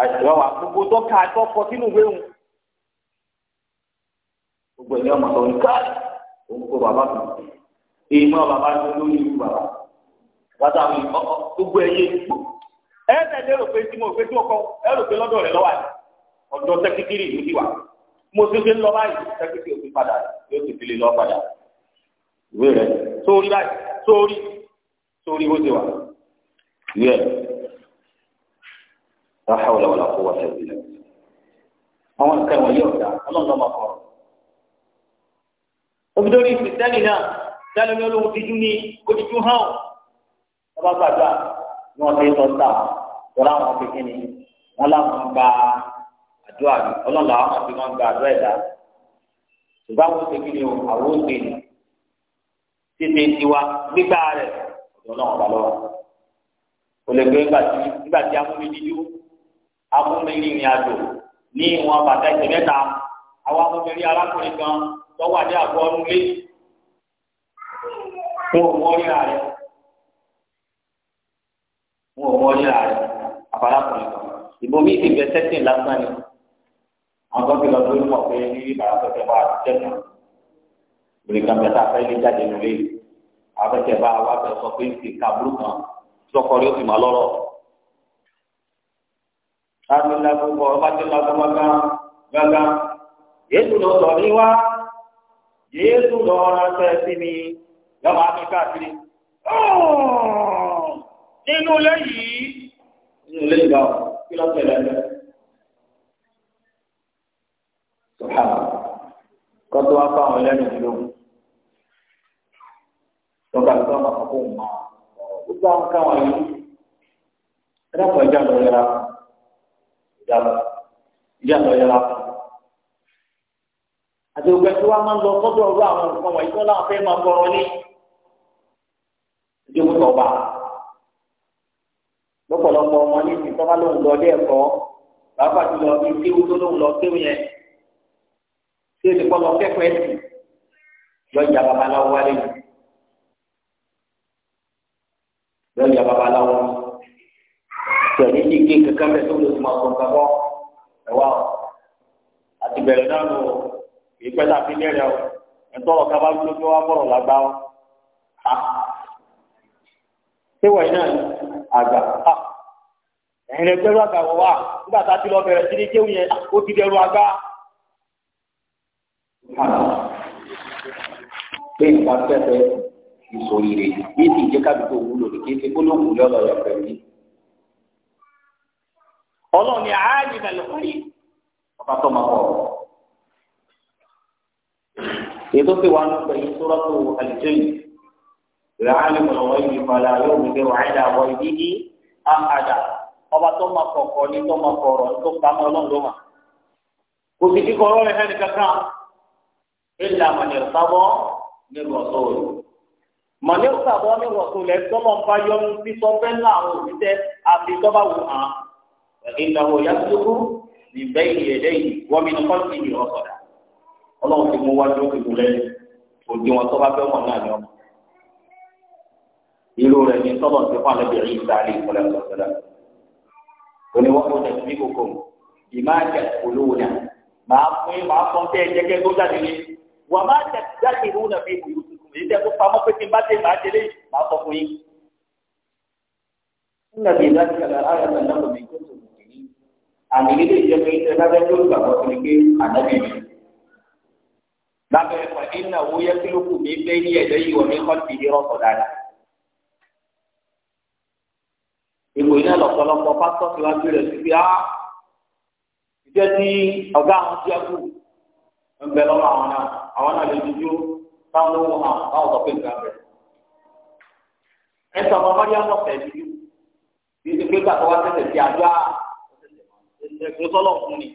àìsàn wà gbogbo tó ká tó kọ sínú ìwé òun gbogbo ẹ̀yọ́ ọmọ tó ń ká òun kó bàbá mi èyí mọ́ bàbá mi lórí ìlú bàbá bàtà mi gbogbo ẹ̀yẹ ẹ tẹ̀lé rò pé tí mo fẹ́ tí mo kọ ẹ rò pé lọ́dọ̀ rẹ̀ lọ́wọ́ àná ọ̀dọ̀ sẹ́kítírì ìlú ti wà mo ti fi ń lọ báyìí sẹ́kítírì òfin padà yóò ti fi lè lọ padà ìwé rẹ̀ sórí báyìí sórí sórí bó ti wà yẹ la hawla wala quwwata illa billah àwọn nǹkan wọ̀nyí ọ̀dà ọlọ́run ọmọ kọ̀ọ̀rọ̀ obìnrin kìrìsìtẹ́nì náà dáná ní olóhùn dídú ní odídú hàn ọba gbàdúrà ni wọ́n ti sọ sáà tọ́lá àwọn kékeré wọn làwọn gba àdúrà mi ọlọ́run làwọn àti wọn gba àdúrà ẹ̀dá ṣùgbọ́n àwọn kékeré àwọn òṣèlú tètè tiwa gbígbà rẹ̀ ọlọ́run ọba lọ́wọ́ o lè gbé nígbà tí amúmi dídú amúmi rìnrìn àjò ní ìwọn bàtà ìṣẹ mẹ́ta àwọn amúmiri arákùnrin kan tọwọ àdé àgọ ọdún lé wọn ò mọ ríra rẹ wọn ò mọ ríra rẹ àfàlákùnrin kan ìbomi ti bẹ sẹsìn lásán ni àwọn tó ń gbé lọ lórí mọ pé ní bàrà tó fẹ́ wá àti tẹsán lórí kan bẹ tá a fẹ́ lé jáde lórí. abẹ́tẹ̀ bá wa fẹ́ sọ pé ṣe kaburú kan sọkọ rẹ ó máa lọ́rọ̀. láti lágbókọ̀ ọba tí lágbókọ̀ gángan yéésù lọ sọ ní wá yéésù lọ ránṣẹ́ sí mi lọ́wọ́ àmì káàkiri. nínú nínú kí ẹ̀ wá fáwọn ẹlẹ́nu ìlú. lọ́gbà tó bá kọ́kọ́ mọ gbogbo àwọn káwọn yìí ẹ̀dàpọ̀ ìjà lọ yẹra ìjà lọ ìjà lọ yẹra àti ògbẹ́ tí wọ́n máa ń lọ sọ́dọ̀ ọ̀rọ̀ àwọn nǹkan wọ̀nyí tó láwọn fẹ́ máa gbọ́rọ̀ ní ìdíwọ́ tọ́ba lọ́pọ̀lọpọ̀ ọmọ ní ti tọ́ba lóun lọ ilé ẹ̀kọ́ bàbá ti lọ bí kéwú tó lóun lọ kéwú yẹn tí èdè pọ́ lọ kẹ́kọ̀ọ́ ẹ̀sìn lọ́jà babaláwo wálé yìí. babaláwo tẹ̀lé ti gé kankan bẹ́ẹ̀ tó lè tó máa kọ́ńtà bọ́ ẹ̀wá àti bẹ̀rẹ̀ náà lò ìpẹ́ tà fi lẹ́rẹ̀ o ẹ̀tọ́rọ̀ kaba tó tó wá bọ̀rọ̀ làgbá o ha ṣé wọ̀nyí náà àgbà ha ẹ̀yin ẹgbẹ́ ló àgbàwọ̀ wa nígbà tá a ti lọ bẹ̀rẹ̀ sí ní kéwù yẹn ó ti dẹrù àgbà ha pé nǹkan tẹ̀sẹ̀ ìsòrìrè yìí ti jẹ́ kábíkó wúlò ní kété gbólóhùn lọ́dọ̀ yọ pẹ̀lú. ọlọ́run ni àárín ìbẹ̀lẹ̀ fún yìí ọba tó máa kọ̀. ètò pé wàá lọ́pọ̀ yìí tó rọ́pò àlùjọ yìí ìrànlẹ́ mọ̀lọ́wọ́ yìí kọ́lá yóò mú bẹ́ẹ̀ wàá dà wọ́ ibi yìí á padà ọba tó máa kọ̀kọ́ ní tó máa kọ̀rọ̀ ní tó pamọ́ ọlọ́run ló mà mọ̀lẹ́ òsàbọ̀ ní wọ̀sọ̀lẹ̀ tọ́lọ̀ ń bá yọnu sí sọ́fẹ́ ńlá àwọn òṣìṣẹ́ àti tọ́ba wò hàn ìlànà ìyàtúndókú ní bẹ́ẹ̀ ni ẹ̀dẹ́ yìí wọ́n mi ní kọ́ńtì yìí ọ̀sọ̀dà ọlọ́run ti mú wájú òkè mú lẹ́yìn òdi wọn tọ́ba fẹ́ wọn náà yọ. irú rẹ̀ ní tọ́lọ̀ ti fún alẹ́bìnrin ìsàlẹ̀ ìfọlẹ́ ọ̀sọ̀dà oníwọ́pọ̀ èyí tẹ́ kó pamọ́ pé kí n bá dé màá délé yìí màá sọ fún yín. nígbà tí ìdájọ́ ìgbà láàyè ọ̀sán náà lòdì tó tó lòdì ní àmì nílé ìjọba iṣẹ́ lábẹ́ tó gbà wọ́n fi gbé ànábì mi. lábẹ́ ẹ̀fọ́ iná owó yẹ kí ló kù mí bẹ́ ní ẹ̀dẹ́ yìí wọ̀ mí kọ́ ti rọ́pọ̀ dáadáa. ìgbò iná lọ̀pọ̀lọpọ̀ pásítọ̀ fi wá gbé sí pé táwọn ló wọ́n hàn táwọn sọ pé nǹkan bẹ̀. ẹ̀sọ́ ọmọ mọ́rí àwọn ọ̀fẹ́ mi yú bí ṣe pé gbàgbọ́ wá tẹ̀sẹ̀ sí àjọ ẹ̀sìn sọ́lọ̀ fún ni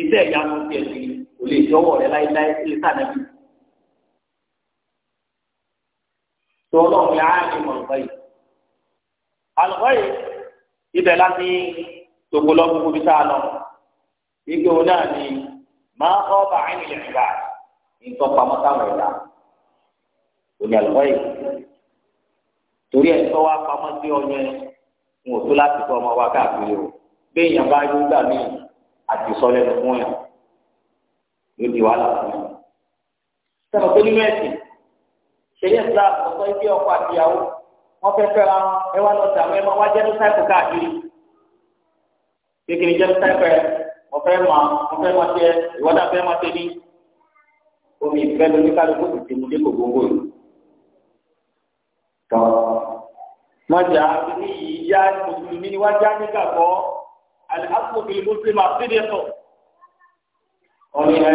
iṣẹ́ ìyanu ti ẹ̀sìn kò lè jọwọ́ rẹ láéláé sí sànẹ́bí. tó ọlọ́run yà á ní mọ̀lùkọ́ yìí. àlùkọ́ yìí ibẹ̀ láti tòkó lọ gbogbo bí sáà lọ. ìgbéwò náà ni máa ń kọ́ bàá ń yẹ̀ nígbà nǹkan pamọ́ táwọn òní àlùkò yìí torí ẹ̀ tọ́wọ́ apamọ́ sí ọ yẹn ń wò tó láti tọ́ ọmọ wa káàkiri o béèyàn bá yóò gbà mí àti sọlẹ́nu fún yàn yóò di wàhálà fún yàn. sọ̀rọ̀ pé nínú ẹ̀sìn ṣẹlẹ̀ islam ọ̀sọ́ ibi ọkọ̀ àtìyàwó wọ́n fẹ́ fẹ́ ra wọn ẹ wá lọ sí àwọn ẹ̀ma wá jẹ́núsáìpù káàkiri kékeré jẹ́núsáìpù ẹ̀ wọ́n fẹ́ mọ wọ́n fẹ́ mọ tẹ ìwọ́dà fẹ́ mọ tẹ ní omi ìfẹ́ lóníkàlùkù ti mú dé gbogbo yìí tọ́ mọ̀jà ní ìyá mùsùlùmí ni wá já nígbàgbọ́ alihamudulilayi mùsùlùmí àfẹ́dẹ́tọ̀ ọ̀nìyẹ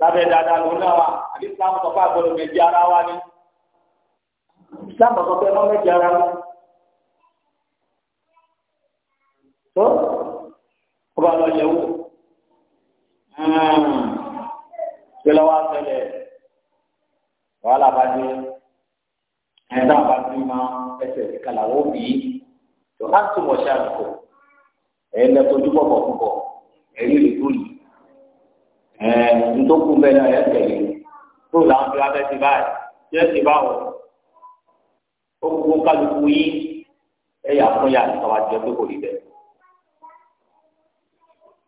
lábẹ́ dáadáa ló náà wà àbí sáwọn sọ fún àgbọ̀dọ̀ méjì ara wa ni sáwọn sọ fún ẹ máa méjì ara wa tó ọba lọ yẹ ṣé lọ́wọ́ àtẹlẹ wàhálà bá dé ẹ̀dá àbájú máa ẹsẹ̀ ìkàlà ó bì í tó á tó wọ̀ṣẹ́ àlùkò ẹ̀yẹ lẹ́tọ́ ojú bọ̀bọ̀ púpọ̀ ẹ̀rí ìlú yìí ẹ̀ ntòkù bẹ́ẹ̀ náà ẹ̀ tẹ̀lé tó làwọn fi wá fẹ́ ti báyìí tí ẹ ti bá wọ̀ ó kú kálukú yìí ẹ̀ yà fún yà nípa wájú ẹ̀ tó kò rí bẹ́ẹ̀.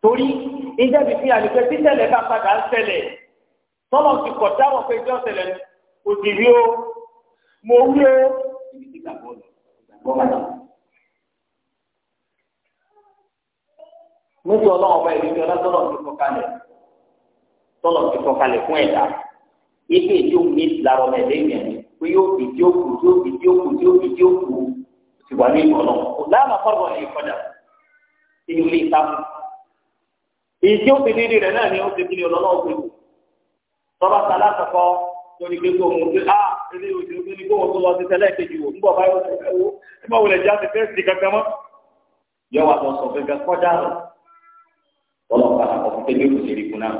torí ìjẹ́bi fi àlùkò títẹ̀lẹ̀ bá padà ń tẹ̀lẹ̀ tọ́lọ̀ ti kọ̀ dáwọ̀ pé ìjọ́ tẹ̀lẹ̀ kò sì rí o mo wí o ibi tí gbàgbọ́ lọ gbọ́ bàtà. níbi ọlọ́run ọba ìdíje ọlọ́tọ́lọ́ ti kọ́ kalẹ̀ tọ́lọ̀ ti kọ́ kalẹ̀ fún ẹ̀dá ike tí ó ní ìlàrọ̀ mẹ́lẹ́yìn ẹ̀ pé yóò fi tí ó kù tí ó fi tí ó kù tí ó fi tí ó kù ti wà ní ìmọ̀ náà kò láàmà fọ́ọ̀rọ̀ ẹ̀ kọjá inú ilé ìtàkùn èyí tí ó fi dídì rẹ̀ náà ni ó ti kí ni ọlọ́lọ́ tó ní gbégbó òun pé a ah, ilé òjò tó ní gbóhùn tó lọ sí tẹ́lẹ̀ kejì wò ń bọ̀ báyìí ó fẹ́ wo ẹ má wulẹ̀ jáde fẹ́ di kankan mọ́. yọ wà lọ sọ fẹfẹ kọjá rẹ wọ́n lọ padà kọ fún tẹ́lẹ̀ kò sí rí kun náà.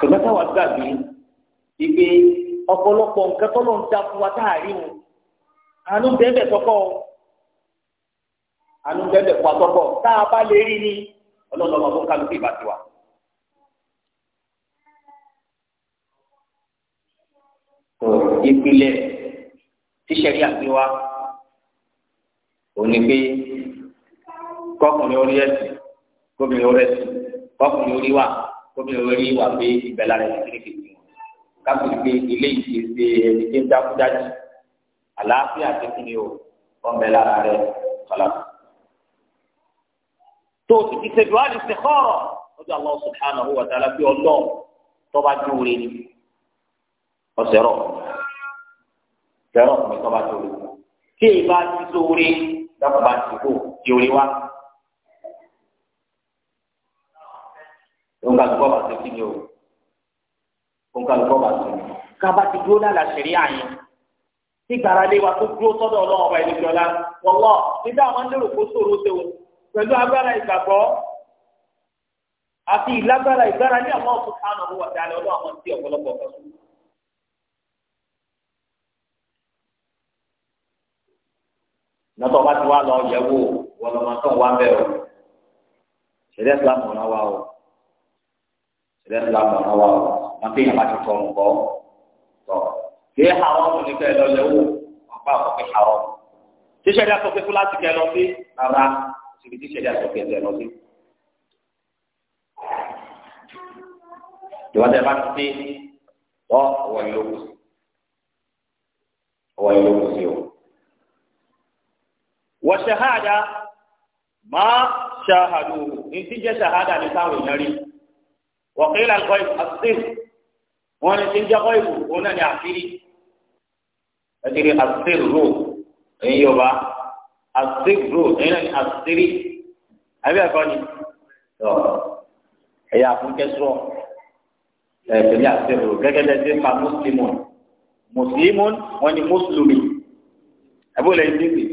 sọgbẹ́ta wà gbàgbé ibi ọ̀pọ̀lọpọ̀ nǹkan tó ló ń da fún wa táàrí wọn àánú bẹ́ẹ̀ tọkọ àánú bẹ́ẹ̀ tọkọ tá a bá lè rí ni ọlọ́lọ́mọ ìpìlẹ̀ tíṣẹ̀rí àtiwá òní pé kọkùnrin orí ẹ̀sìn kóbìnrin orí ẹ̀sìn kọkùnrin orí wà kóbìnrin orí wà pé ìbẹ̀là rẹ̀ ti kékeré kápẹ́lú pé ilé ìṣe ẹni tí ń dákúdájú àlàáfíà ti fún mi o wọ́n bẹ lára rẹ̀ kọ́lá. tó o ti fi ṣe duwari ṣe kọ́ọ̀rọ̀ lọ́jọ́ Allah subhanahu wa ta'ala bí ọlọ́ọ̀ tọ́ba júwèé ọ̀sẹ̀ rọ̀ fẹ́ràn ọ̀pọ̀ ìtọ́ bá torí tí èyí bá ti sóore dákun bá ti kó yorì wá. òun kàlùkọ́ bá tó kí ni o òun kàlùkọ́ bá tó ni. kábà ti dúró lára ṣẹ̀rí àyìn tí gbàrálé wa tó dúró sọ́dọ̀ ọlọ́run ọba ìlú ìjọba wọ́lọ́ nígbà wọn lérò kó sòro ṣe pẹ̀lú agbára ìgbàgbọ́ àti ìlágbára ìgbára ní àwọn ọ̀sán kan náà lọ́tọ̀ bá ti wá lọ yẹ̀ wò wọ́n lọ́ máa tán wá bẹ́ẹ̀ o ṣẹlẹ̀ ìsìlámù ọ̀nà wa o ṣẹlẹ̀ ìsìlámù ọ̀nà wa o wọ́n fi yàrá ti tọrùn bọ́ tọ̀ kí àwọn ọmọ nìkan ẹ̀ lọ yẹ̀ wò wọ́n bá àwọn fi àwọn ṣíṣẹ́ ìdá sọ́kẹ́ fún láti kẹ́ lọ sí rárá òṣèlú ṣíṣẹ́ ìdá sọ́kẹ́ tẹ̀ lọ sí. ìwádìí bá ti dé tọ́ ọ̀wọ́ ìlú òkú sí ìlú òkú o wọ ṣahada máa ṣahadu ntí jẹ́ ṣahada ní táwọn èèyàn rí wọ́kìlá gọ́ìb àṣìṣ wọn ní ti ń jẹ́ gọ́ìb òun náà ní àṣírí ẹ̀kiri àṣìṣ rò èyí yorùbá àṣìṣ rò èyí náà ní àṣírí àbí ẹ̀kọ́ ni ẹ̀yà àfúnkẹ́sọ̀ ẹ̀fẹ̀mí àṣìṣ rò gẹ́gẹ́ pa mùsùlùmù mùsùlùmù wọn ni mùsùlùmí ẹ̀bùn lẹ́yìn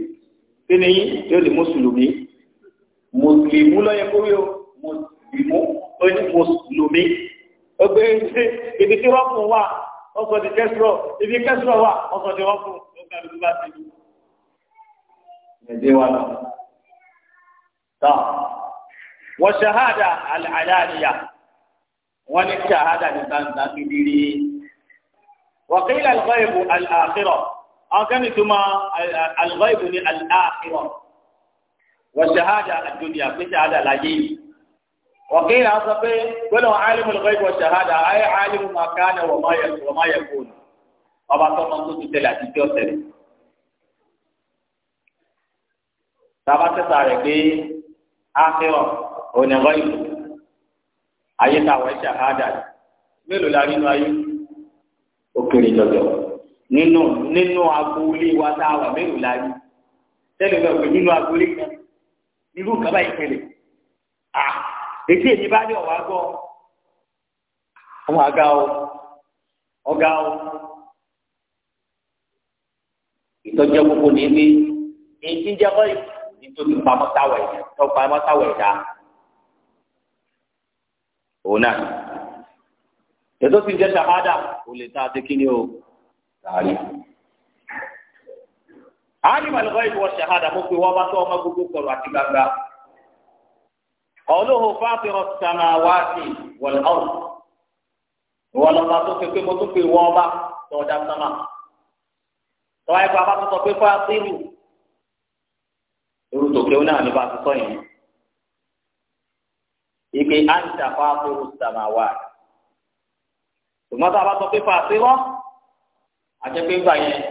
kíni yín yóò di mùsùlùmí mùsùlùmí lọ́yẹ kórè o mùsùlùmí ó ní mùsùlùmí ó gbé ibi tí rọ́pù wà ọkọ̀ di kẹsìrọ̀ ibi kẹsìrọ̀ wà ọkọ̀ di rọ́pù ó ká ló bá ti dùn. ẹ̀dẹ́ wa lọ. tọ́ wọ́n ṣahada àlàyé wọ́n ní ṣahada ní gbàǹdà kìdìrì wọ́n kí ilẹ̀ lọ́yẹ̀ àwọn kẹ́mi tó máa al-ghaibu ní al-akhirah wa shahada ad-dunya pé shahada láyé yìí wọ́kìlì àwọn sọ pé gbọ́dọ̀ alimul ghaibi wa shahada ayé alimu ma kana wa ma yakunu ọba tó máa ń tó ti tẹ̀lé àti tí ó tẹ̀lé. tába tẹ́tà rẹ̀ pé ákẹ́rọ̀ onírọ̀ ìlú ayé táwọn ẹ̀ṣẹ̀ àádá mélòó la nínú ayé ó kéré jọjọ nínú nínú agboolé wa tá a wà mélòó la rí tẹ́lẹ̀ bẹ́ẹ̀ pé nínú agboolé kan nínú kaba ìpínlẹ̀ à ètí èmi bá ní ọ̀wá gbọ́ àwọn àga o ọ̀gá o ìtọ́jú gbogbo ní ní èyí jẹ́ bọ́ nítorí pamọ́ táwọ̀ ẹ̀dá tó pamọ́ táwọ̀ ẹ̀dá òun náà ètò ti jẹ́ sàmádà kò lè ta àti kíni o tààrí. àárín màlúwà ìwọ ṣàhádà mo pe wọ́n bá tó ọmọ gbogbo kọ̀rọ̀ àti gbangba. ọlọ́hun fáfihàn sàmà wá sí wọ̀lẹ̀ ọ̀rùn. ìwọ lọ́ba tó fi pé mo tún pe wọ́n bá tọ́jà sàmà. tọ́wá ẹ̀kọ́ e abá tó sọ pé fáfihàn irú tòkè ó náà ló bá ti sọ yìí ike anta fàáfẹ́rù sàmáwá ṣùgbọ́n tá a bá sọ pé àtẹ́pẹ́ ńgbà yẹn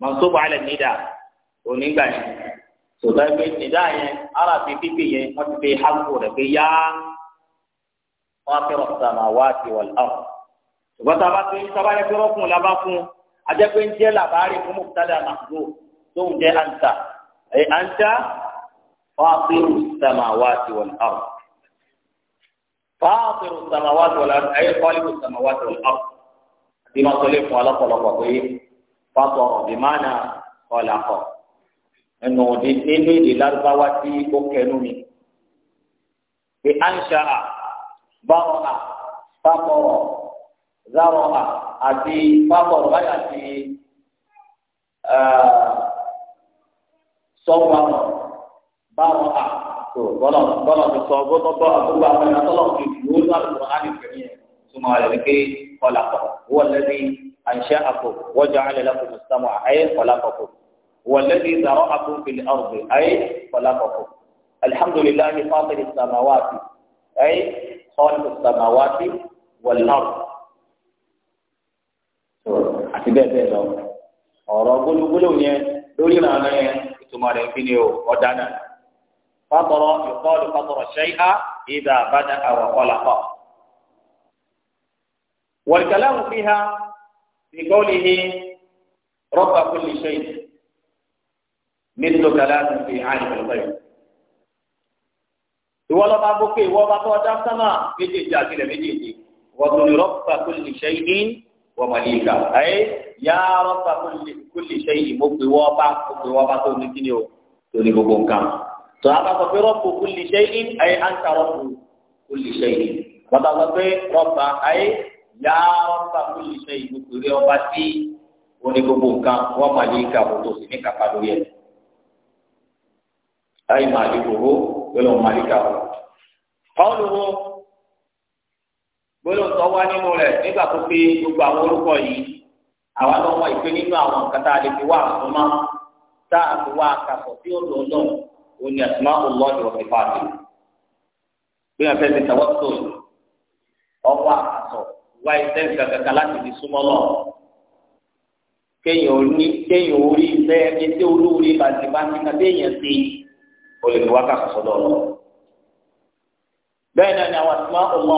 mọ̀tòbọ̀ alẹ́ nídà onígbà yẹn sọ̀tà ẹgbẹ́ nídà yẹn ara fi pípé yẹn wọ́n ti fi hàgbò rẹ̀ pé yá wọ́n á fẹ́ràn sàmà wá sí wọ̀lẹ́ ọ̀ ṣùgbọ́n tá a bá ti sábà yẹ fẹ́ràn fún un la bá fún un àtẹ́pẹ́ ń jẹ́ làbárí fún mọ̀tàdà màgbó tó ń jẹ́ àǹtà ẹ̀ àǹtà wọ́n á fẹ́ràn sàmà wá sí wọ̀lẹ́ ọ̀ fáàfẹ́ràn sàmà wá sí wọ̀lẹ́ ọ̀ bí wọn sọ lé fún ọlọpọlọpọ pé fàtọ bìmánà ọlàkọ ẹnu òdi nínú èdè lárúbáwá tí ó kẹnu mi pé ànṣà báwọ à fàtọ zárọ à àti fàtọ báyà ti sọwọ báwọ à tó bọlọ bọlọ tó sọ bọtọ bọ àbúrò àwọn ẹ̀yà tọlọ tó dùn ó lọ àlùkò àdìgbẹ yẹn. ثم على ذكر خلقه هو الذي أنشأكم وجعل لكم السمع أي خلقكم هو الذي ذرأكم في الأرض أي خلقكم الحمد لله فاطر السماوات أي خالق السماوات والأرض àti bẹ́ẹ̀ bẹ́ẹ̀ lọ ọ̀rọ̀ gbólógbóló yẹn lórí ìlànà yẹn ìtumọ̀ rẹ̀ kí ni o ọ̀dà náà fàtọ̀rọ̀ ìkọ́ọ̀lù fàtọ̀rọ̀ ṣẹ́yà ìdá àbájá àwọn ọ̀làkọ̀. والكلام فيها في قوله رب كل شيء مثل كلام في عالم الغيب ìwọ lọba gbókè ìwọ ọba tó ọjà sámà méjèèjì àtìlẹ méjèèjì wọtúni rọpa kúlì ṣẹyìn wọmọlẹyìká ẹ yá rọpa kúlì ṣẹyìn mo pè wọ ọba mo pè wọ ọba tó ní kíni o tó ní gbogbo nǹkan tó a bá sọ pé rọpa kúlì ṣẹyìn ẹ àǹtà rọpa kúlì ṣẹyìn bàtà sọ pé rọpa ẹ yá ọba tó lè fẹ́ ìlú torí ọba tí oní gbogbo nǹkan wọ́n máa lè ka àbòtò sí ní kápá lórí ẹ̀. láyé máa lè gbogbo lọ́lọ́ máa lè ka àbòtò. kọ́ńdùrú gbólóńtọ́ wá nínú rẹ̀ nígbà tó pé gbogbo àwọn orúkọ yìí àwa lọ́wọ́ ìpè nínú àwọn nǹkan tá a lè fi wá àtúmọ̀ tá a fi wá àkàtọ̀ tí ó lò lọ́wọ́ òní àtúmọ̀ ọlọ́ọ̀dì ọ̀sẹ̀ fàájì wá iṣẹ́ nǹkan kankan láti fi súnmọ́ lọ. kéèyàn orí kéèyàn orí ìfẹ́ ẹni tí olóore bàtí bá ti kàdé èèyàn sí o lè fi wá kàkọ́ sọ́dọ̀ lọ. bẹ́ẹ̀ náà ni àwọn àtúmọ̀ ọmọ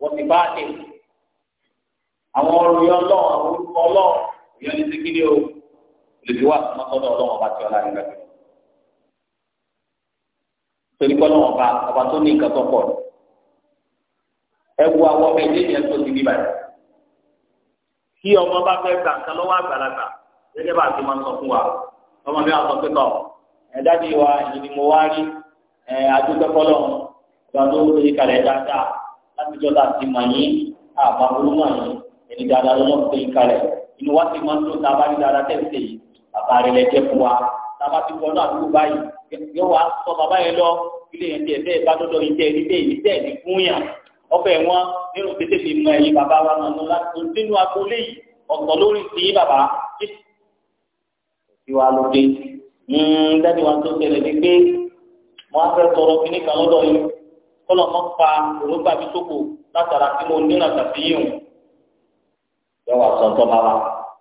wọ́n ti bá dé. àwọn ọrùn yọ lọ àwọn orúkọ lọ ìyọ́n ní sí kíni o lè fi wá àtúmọ̀ sọ́dọ̀ ọlọ́wọ́n bá ti ọ̀la nígbà tó. torí kọ́ lọ́wọ́ ọba ọba tó ní nǹkan tó pọ̀ ẹwọ àwọn ọmọ ilé yẹn tó ti bí báyìí kí ọmọ bá fẹ́ gbà nǹkan lọ́wọ́ àgbàlagbà gẹ́gẹ́ bá a ti máa ń sọ fún wa ọmọ mi àwọn pẹtọ ẹ̀dá bíi wa èyí ni mo wá rí ẹ adúgbẹkọlọ ìgbà tó ń tóbi kalẹ̀ dáadáa láti jọta àti màyí àbábúrú màyí ẹni dáadáa lọ́nà tóbi kalẹ̀ inú wa ti máa ń tó tábà ní dáadáa tẹ̀síte yìí bàbá rẹ̀ lẹ́jẹ̀ fún wa tábà ti wọnú àdúgbò báyìí yóò wá sọ bàbá yẹn lọ ilé yẹn tiẹ̀ bẹ́ẹ̀ bá tó lọ ilé ọbẹ̀ wọn nínú tètè fi mọ ẹ̀yìn bàbá wa nínú láti nínú agboolé yìí ọ̀tọ̀ lórí ti yín bàbá tí wàá lóde hmm, dájú wa tó tẹ̀lé ni pé mo á fẹ́ tọrọ kíní kan lọ́dọ̀ yìí kọ́lọ̀ mọ́ pa òrógbà mi sóko látara tí mo nínú àtàtì yìí hùn yọ wà sọ̀tọ̀ bàbá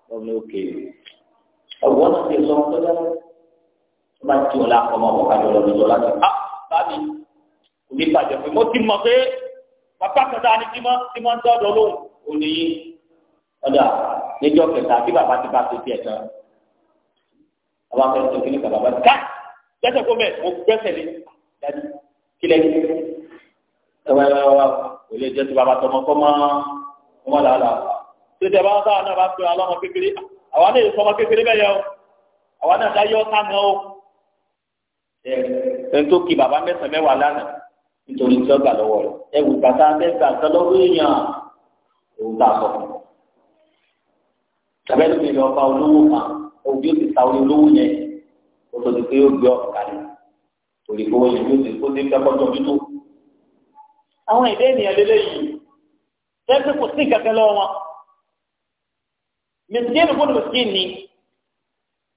lọ́wọ́ òkè ọ̀gbọ́n náà ti sọ wọn tó dáná tó bá ti ọ̀la ọmọ ọ̀kadì ọ̀lọ́dún tó láti á bábí kò ní bàjẹ́ pé mo ti mọ̀ pé bàbá kan tá a ní tímọ́ tímọ́ ń dọ́dọ̀ lóhùn òní yìí ọ̀dà níjọ́ kẹta tí bàbá ti bá ti tiẹ̀ tán bàbá fẹ́ tó kíní kan bàbá ká jẹ́sẹ̀ kó mẹ́ mo gbẹ́sẹ̀ lé dájú kílẹ̀ kí ẹ̀wẹ̀wẹ̀wẹ̀ kò lè jẹ́ ti bàbá tọmọ kọ́ mọ́ ọmọ làálà tètè bá bá náà bá pe ọlọ́mọ kékeré àwa náà sọmọ kékeré bẹ́ẹ̀ yẹ o àwa náà dá yọ ọ́ náà o ẹ̀ ẹ̀ tó kí bàbá mẹ́sàn-án mẹ́wàá lánàá nítorí tí ọgbà lọ́wọ́ rẹ̀ ẹwù bàtà mẹ́ta tọ́lọ́wọ́ èèyàn òun tà sọ fún un. Àbẹ́lú mi lọ bá olówó kan òbí ó ti ta orí olówó yẹn ó tó di pé ó gbé ọ̀kà rẹ̀ torí owó yẹn yóò ti kó dé kẹ́kọ̀ọ́ tó àwọn ìdí ènìyàn lélẹ́yìí tẹ́sí kò sí kẹ̀kẹ́ lọ́wọ́ wọn. مسكين كل مسكين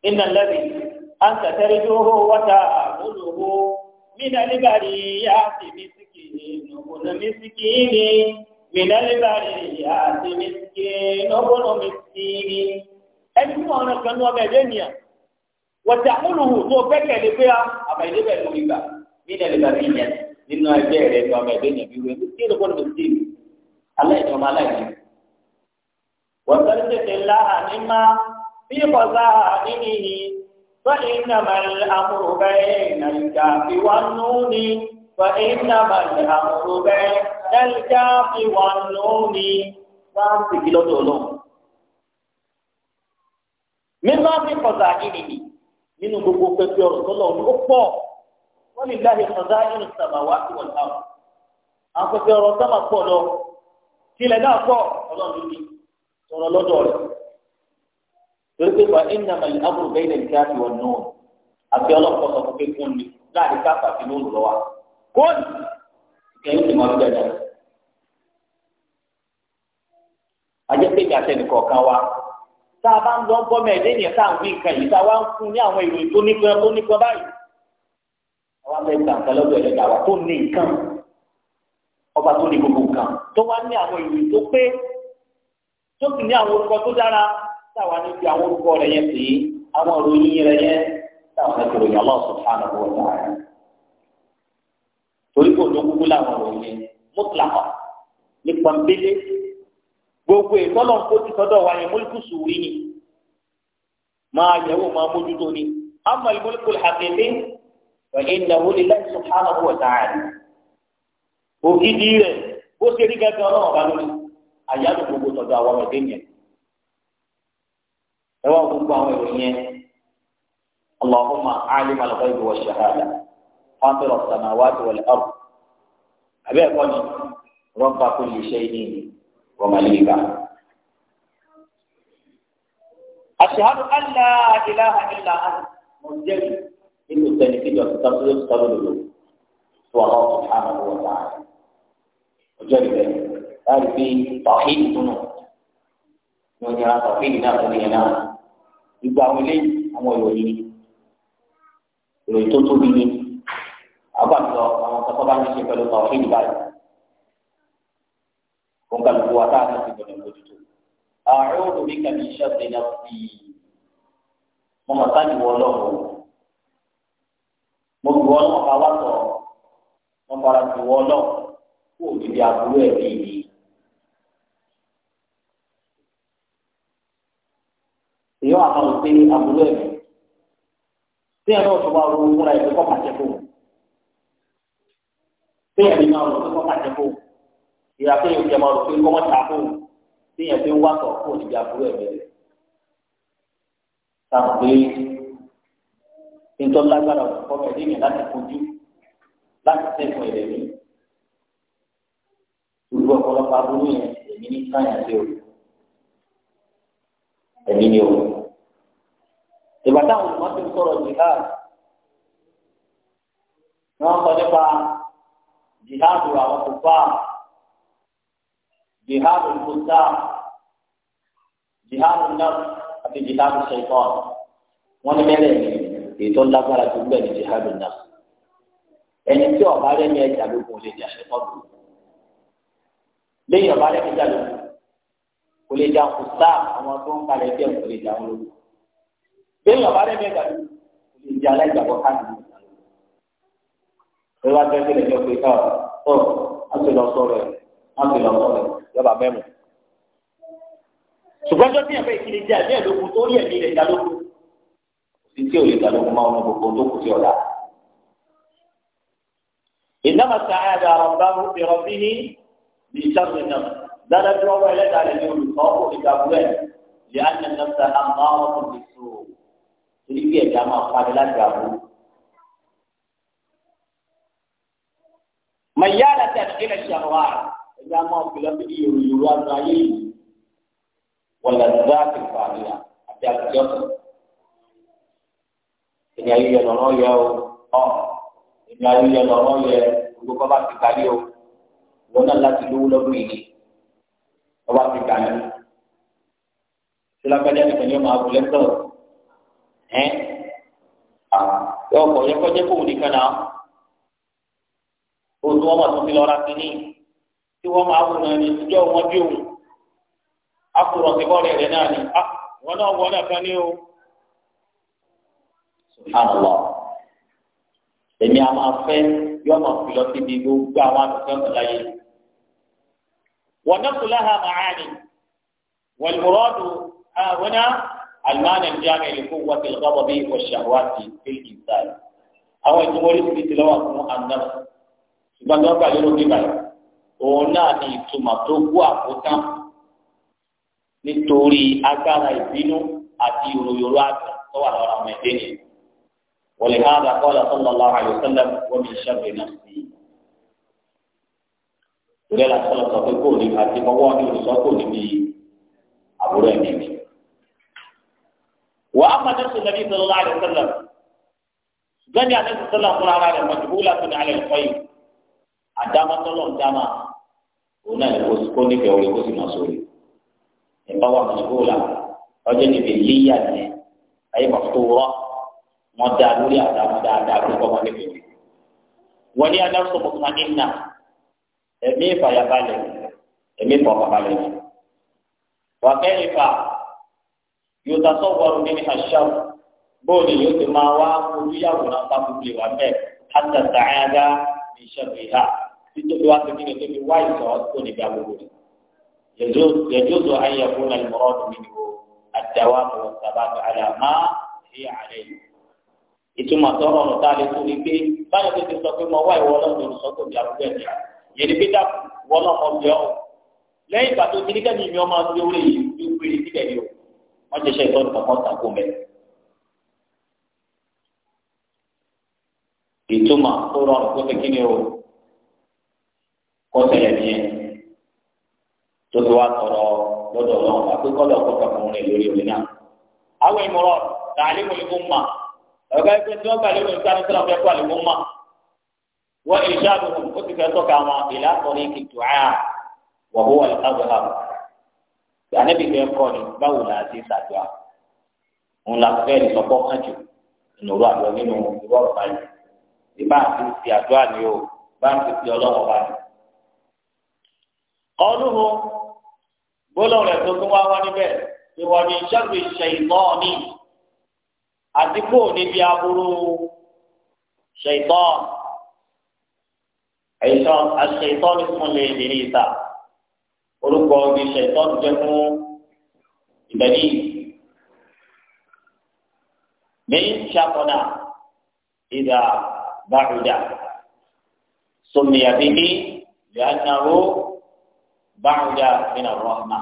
إن الذي أنت ترجوه وتأمله من البريات مسكين ابن مسكين من البريات مسكين ابن مسكين أجمع أنا كانوا مدنيا وتحوله تو بكى لبيع أما يدبع المريبا من البريات nínú ẹgbẹ́ rẹ̀ tó ọmọ ẹgbẹ́ yẹn bí wọ́n ti kéde kọ́ni ti aláìsàn ọmọ aláìsàn. wọ́n sọ ní tètè ńlá àní máa bí ìkọ̀sá àní nìyí فإنما الأمر بين الكاف والنون فإنما الأمر بين الكاف والنون sáàmù sí lọ́dọ̀ ọlọ́run. mímọ́ fi kọ̀dà ìnìyí nínú gbogbo pẹpẹ ọ̀rọ̀ tó lọ́run ó pọ̀ wọ́n lè láyé kọ̀dà ìnù sàmà wá sí wọn táwọn. àwọn pẹpẹ ọ̀rọ̀ sábà pọ̀ lọ tilẹ̀ náà pọ̀ ọlọ́run ní sọ̀rọ̀ lọ́dọ̀ rẹ̀ torí pé wà ẹnìyàn máa yẹ abúlé bẹ́ẹ̀ lẹ́yìn káàpì wọn nù àti ọlọ́pàá sọ fún pé fún mi láàrin káàpì àti lóòrùn lọ́wọ́ kóòlù kẹ́yìn tí wọ́n gbẹ̀dẹ̀. ajẹ́pẹ̀jì àtẹnìkọ̀ kan wa tá a bá ń lọ gbọ́ mẹ́ẹ̀ẹ́dẹ́ yẹn tá à ń wí nǹkan yìí tá a wá ń fún ní àwọn ìròyìn tó nípa tó nípa báyìí. àwa bẹ́ẹ̀ gbà nǹkan wa tó ní nǹkan ọba tó ní gbogbo nǹkan tó wá ní àwọn ìròyìn tó pé tó sì ní àwọn orúkọ tó dára táwa níbi àwọn orúkọ rẹ̀ yẹn sí àwọn ìròyìn rẹ̀ yẹn táwa níbi ìròyìn Allah subhanahu wa ta'ala torí kò ló kúkú làwọn ìròyìn yẹn mutlaqa ní pọ̀npẹ́lẹ́ gbogbo ìtọ́lọ̀ ń kó ti tọ́dọ̀ wa yẹn múlùkù sùúrì ni máa yẹ̀wò máa mójútó ni amma al-mulku al-haqiqi fa innahu lillahi subhanahu ẹwà gbogbo àwọn ìròyìn yẹn Allahumma alim al-ghaybi wash-shahada fatir as-samawati wal-ard àbẹ ẹkọ ni Rabba kulli shay'in wa malika. ashhadu an la ilaha illa anta mo jẹ́rìí nínú sẹ́nikẹ́jọ tọ́tọ́ tó lòlò tó àwọn subhanahu wa ta'ala ọjọ́ ìbẹ̀ láti fi tọ́hìn dùnú ní oníyàrá tọ́hìn náà fún ìyẹn náà. ìgbà àwọn eléyìí àwọn ìròyìn ni ìròyìn tó tóbi ni àgbàdo àwọn tó bá ní ṣe pẹ̀lú ọ̀hún ìlú báyìí wọn kà lóko wa tá a ní ti gbọ́dọ̀ mójútó ààrẹ olùmí kàbí iṣẹ́ ọ̀sẹ̀ náà fi mo mọ̀ sáà níwọ̀ ọlọ́run mo gbọ́ ọlọ́run bá wà sọ mo fara ti wọ ọlọ́run kó o àbúrò ẹ̀ bí mi. èyí wà ṣe àbúrò ẹ̀mí téèyàn náà tó bá ro múra ẹ̀ kọ́ pàṣẹ fún un téèyàn ní máa rò pé kọ́ pàṣẹ fún un ìyá téèyàn ti máa rò pé kọ́ mọ́ta fún un téèyàn fi ń wá sọ̀ fún òdìbí àbúrò ẹ̀mí rẹ̀ sáà pé lágbára òkùnkọ́ mẹ́rin ní láti fojú láti sẹ́kùn ẹ̀rẹ̀ mi gbogbo ọ̀pọ̀lọpọ̀ aburú yẹn èmi ní sáyẹn sí o èmi ní o ìgbà táwọn olùmọ̀tò ń sọ̀rọ̀ jihad wọ́n sọ nípa jihad àwọn kòfà jihad olùkọ́sá jihad náà àti jihad ṣẹ̀kọ́ wọ́n ní mẹ́rẹ̀ ètò lágbára tó gbẹ̀ ní jihad náà ẹni tí ọba rẹ̀ ní ẹja lógun lè jà ṣẹ̀kọ́ tó lẹ́yìn ọba rẹ̀ ní ẹja lógun kò lè jà kòsá àwọn tó ń kalẹ̀ bí ẹ̀ kò lè jà wọn lógun téèyàn bá rẹ̀ mẹ́ta ló lè di aláìgbàgbọ́ káàdì ẹ wá gbẹ́sẹ̀ lẹ́jọ́ pé ọ ọ wọ́n ti lọ sọ̀rọ̀ ẹ̀ wọ́n ti lọ sọ̀rọ̀ ẹ̀ yọba mẹ́mu. ṣùgbọ́n tó tíyẹ̀ fẹ́ ìkíni jẹ́ àbí ẹ̀lógún tó rí ẹ̀mí rẹ̀ dálógún òsì tí ò lè dálógún máa ń gbogbo tó kù sí ọ̀la. ìdáhà sàáyà ọ̀bá ìrọ̀bí ní ìṣàkóso náà dáadáa torí bí ẹ̀dá máa padà láti àbúrò. Màyára ti àtìkẹ́lẹ̀ ṣàwá ẹ̀dá máa fìlà bí yòrò yòrò àti ayé yìí. Wọ́n lè dá àti fàníyà àti àtijọ́ kan. Ìní ayé yẹ lọ́rọ́ yẹ o. Ọ̀ ìní ayé yẹ lọ́rọ́ yẹ gbogbo kọ́ bá ti parí o. Wọ́n láti lówó lọ́dún yìí. Ọba ti kàn ní. Sílápẹ́lẹ́ nìkan yóò máa wù lẹ́tọ̀ọ̀ ẹ ọkọ yẹ kọjá kó nìkan náà o tó wọn tó fi lọ ra sí ní tí wọn máa wù náà ní ìjọ wọn bí òun akùrọ̀ sí bọ́ọ̀lù rẹ̀ náà ni wọn náà wọ náà kan ní o. subhanallah èmi àwọn afẹ́ yóò máa fi lọ gbogbo àwọn àtúntò ọ̀sán láyé. wọn náà kú láhàmà áàlì wal muradu ààrùn náà. المعنى الجامع لقوة الغضب والشهوات في الإنسان أو يتمول في تلاوة النفس ṣùgbọ́n tó ń gbà lérò bíbá yìí òun náà ní ìtumọ̀ tó kú àkótán nítorí agbára ìbínú àti ìròyòrò àgbà tó wà lọ́ra ọmọ ẹ̀dẹ́ ni wọ́n lè hàn àkọọ́lẹ̀ sallallahu alaihi wasallam wọ́n mi ṣàbẹ̀ náà sí i. ìrẹ́lá sọ̀rọ̀ sọ pé kò ní àti ọwọ́ ní olùsọ́kò níbi àbúrò ẹ̀mí mi. واما نفس النبي صلى الله عليه وسلم لم يعني النبي صلى الله عليه وسلم مجهولة على الخير àdámá tọ́lọ̀ ń dámá òun náà kò kó nífẹ̀ẹ́ orí kó sì máa sórí ìbá wa mọ̀lẹ́kọ́ la ọjọ́ níbi líyà ní ayé mọ̀tò wọ́ wọ́n dá lórí àdámá dáadáa kó kọ́ wọn nífẹ̀ẹ́ orí. wọ́n ní adáwọ̀ sọ̀rọ̀ fún mi nà ẹ̀mí ìfàyàbalẹ̀ ẹ̀mí ìfọ̀kàbalẹ̀ ni. wà á kẹ́ ìfà yóò ta sọ́wọ́ ọ̀run ní aṣáwó bóòlù yóò ti máa wá ojú yàwòrán sábùgbé wa bẹ́ẹ̀ hàtà tààdá ní ìṣẹ̀lẹ̀ ìhà títí wá sí kíni tó fi wá ìṣọ́ tó níbi agbègbè rẹ̀. يجوز أن يكون المراد منه الدوام والثبات على ما هي عليه ìtumọ̀ tọrọ ọ̀rọ̀ tá a lè tó ní pé báyọ̀ tó ti sọ pé mo wá ìwọ wọn jẹ ṣẹyìn tọ́jú kankan tàkó mẹ. ìtumọ̀ tó rọrùn tó fi ni o kọ́ sẹlẹ̀ nìyẹn tó fi wá tọrọ lọ́dọ̀ ọlọ́run àti kọ́lọ̀ kọ́kọ́ fún rẹ̀ lórí omi náà. àwọn ìmọ̀ràn tààlí mo lè mú mà ọ̀gá ẹgbẹ́ tí wọ́n gbà lórí omi sáré sílẹ̀ fẹ́ kọ́ àlè mú wọ́n ìṣàdùn ó ti fẹ́ tọ́ka wọn ìlà sọ̀rọ̀ ìkìtù àyà wọ̀ ànábì fẹ́ kọ́ ni báwo la ti ṣàdúrà òun la fẹ́ ní sọ́kọ́ kájú ìnòrò àlọ́ nínú irú ọ̀rọ̀ báyìí ìbá àti ti àdúrà ni o bá ń pèsè ọlọ́wọ́ bá ní. ọlọ́run gbólóhùn rẹ̀ tó tún wá wá níbẹ̀ ìwọ ni ìṣẹ́gun ìṣẹ́ ìtọ́ ni àti níbi aburú ṣètọ́ ẹ̀ṣọ́ àṣetọ́ ní fún lè dìrí ìta orúkọ ibi ṣẹ̀tọ́n jẹ́ fún ìbẹ̀lí mẹ́yìn ṣàkọ́nà ìdá bàrúdà sọmìyàbí ní lẹ́yìnàwó bàrúdà nínú rọ́ọ̀mà.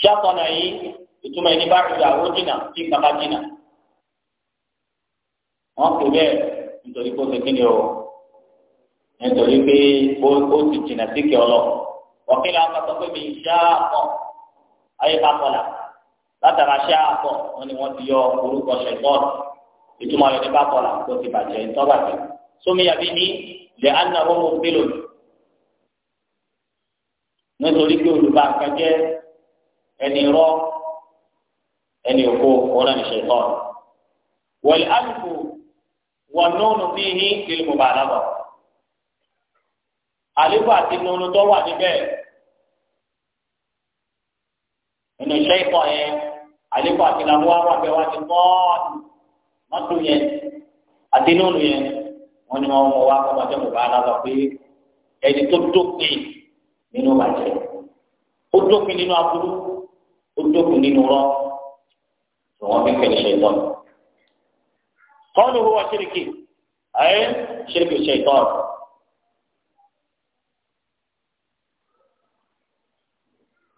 ṣàkọ́nà yìí ìtumọ̀ ẹni bàrúdà ó jìnnà tí kàkà jìnnà. wọ́n pè bẹ́ẹ̀ nítorí kó ṣe kí ni o nítorí pé ó ti jìnnà sí kí ọlọ ọkìlá pàtó pé mi ṣá ọ ayé pápọlà látara ṣá ọ wọn ni wọn ti yọ orúkọ ṣẹtọọ ìtumọ̀ rẹ̀ ní pápọlà tó ti bàjẹ́ ìtọ́bàjẹ́ sómi yàbí ní lè ana owó pélò nítorí pé olùbá akẹ́jẹ́ ẹni rọ ẹni òkú ọ̀nà ìṣẹ̀tọ́ wọ̀lẹ̀ alùpùpù wọ̀nùnù bíi ní ìlú mọ̀bàlá bọ̀ àléébù àti nínú tó wà níbẹ̀ nínú iṣẹ́ ìkọ̀ yẹn àléébù àti làwọn àwọn àgbẹ̀ wa ti pọ́ọ̀nù mọ́tò yẹn àti nínú yẹn wọ́n ní wọ́n mọ̀ wá kọ́ ọmọdé mọ̀ bá alága pé ẹni tó dópin nínú bàjẹ́ ó dópin nínú aburú ó dópin nínú rọ́ wọ́n fi kẹ́lẹ́ ṣe tọ́. قوله هو شركي أي شرك الشيطان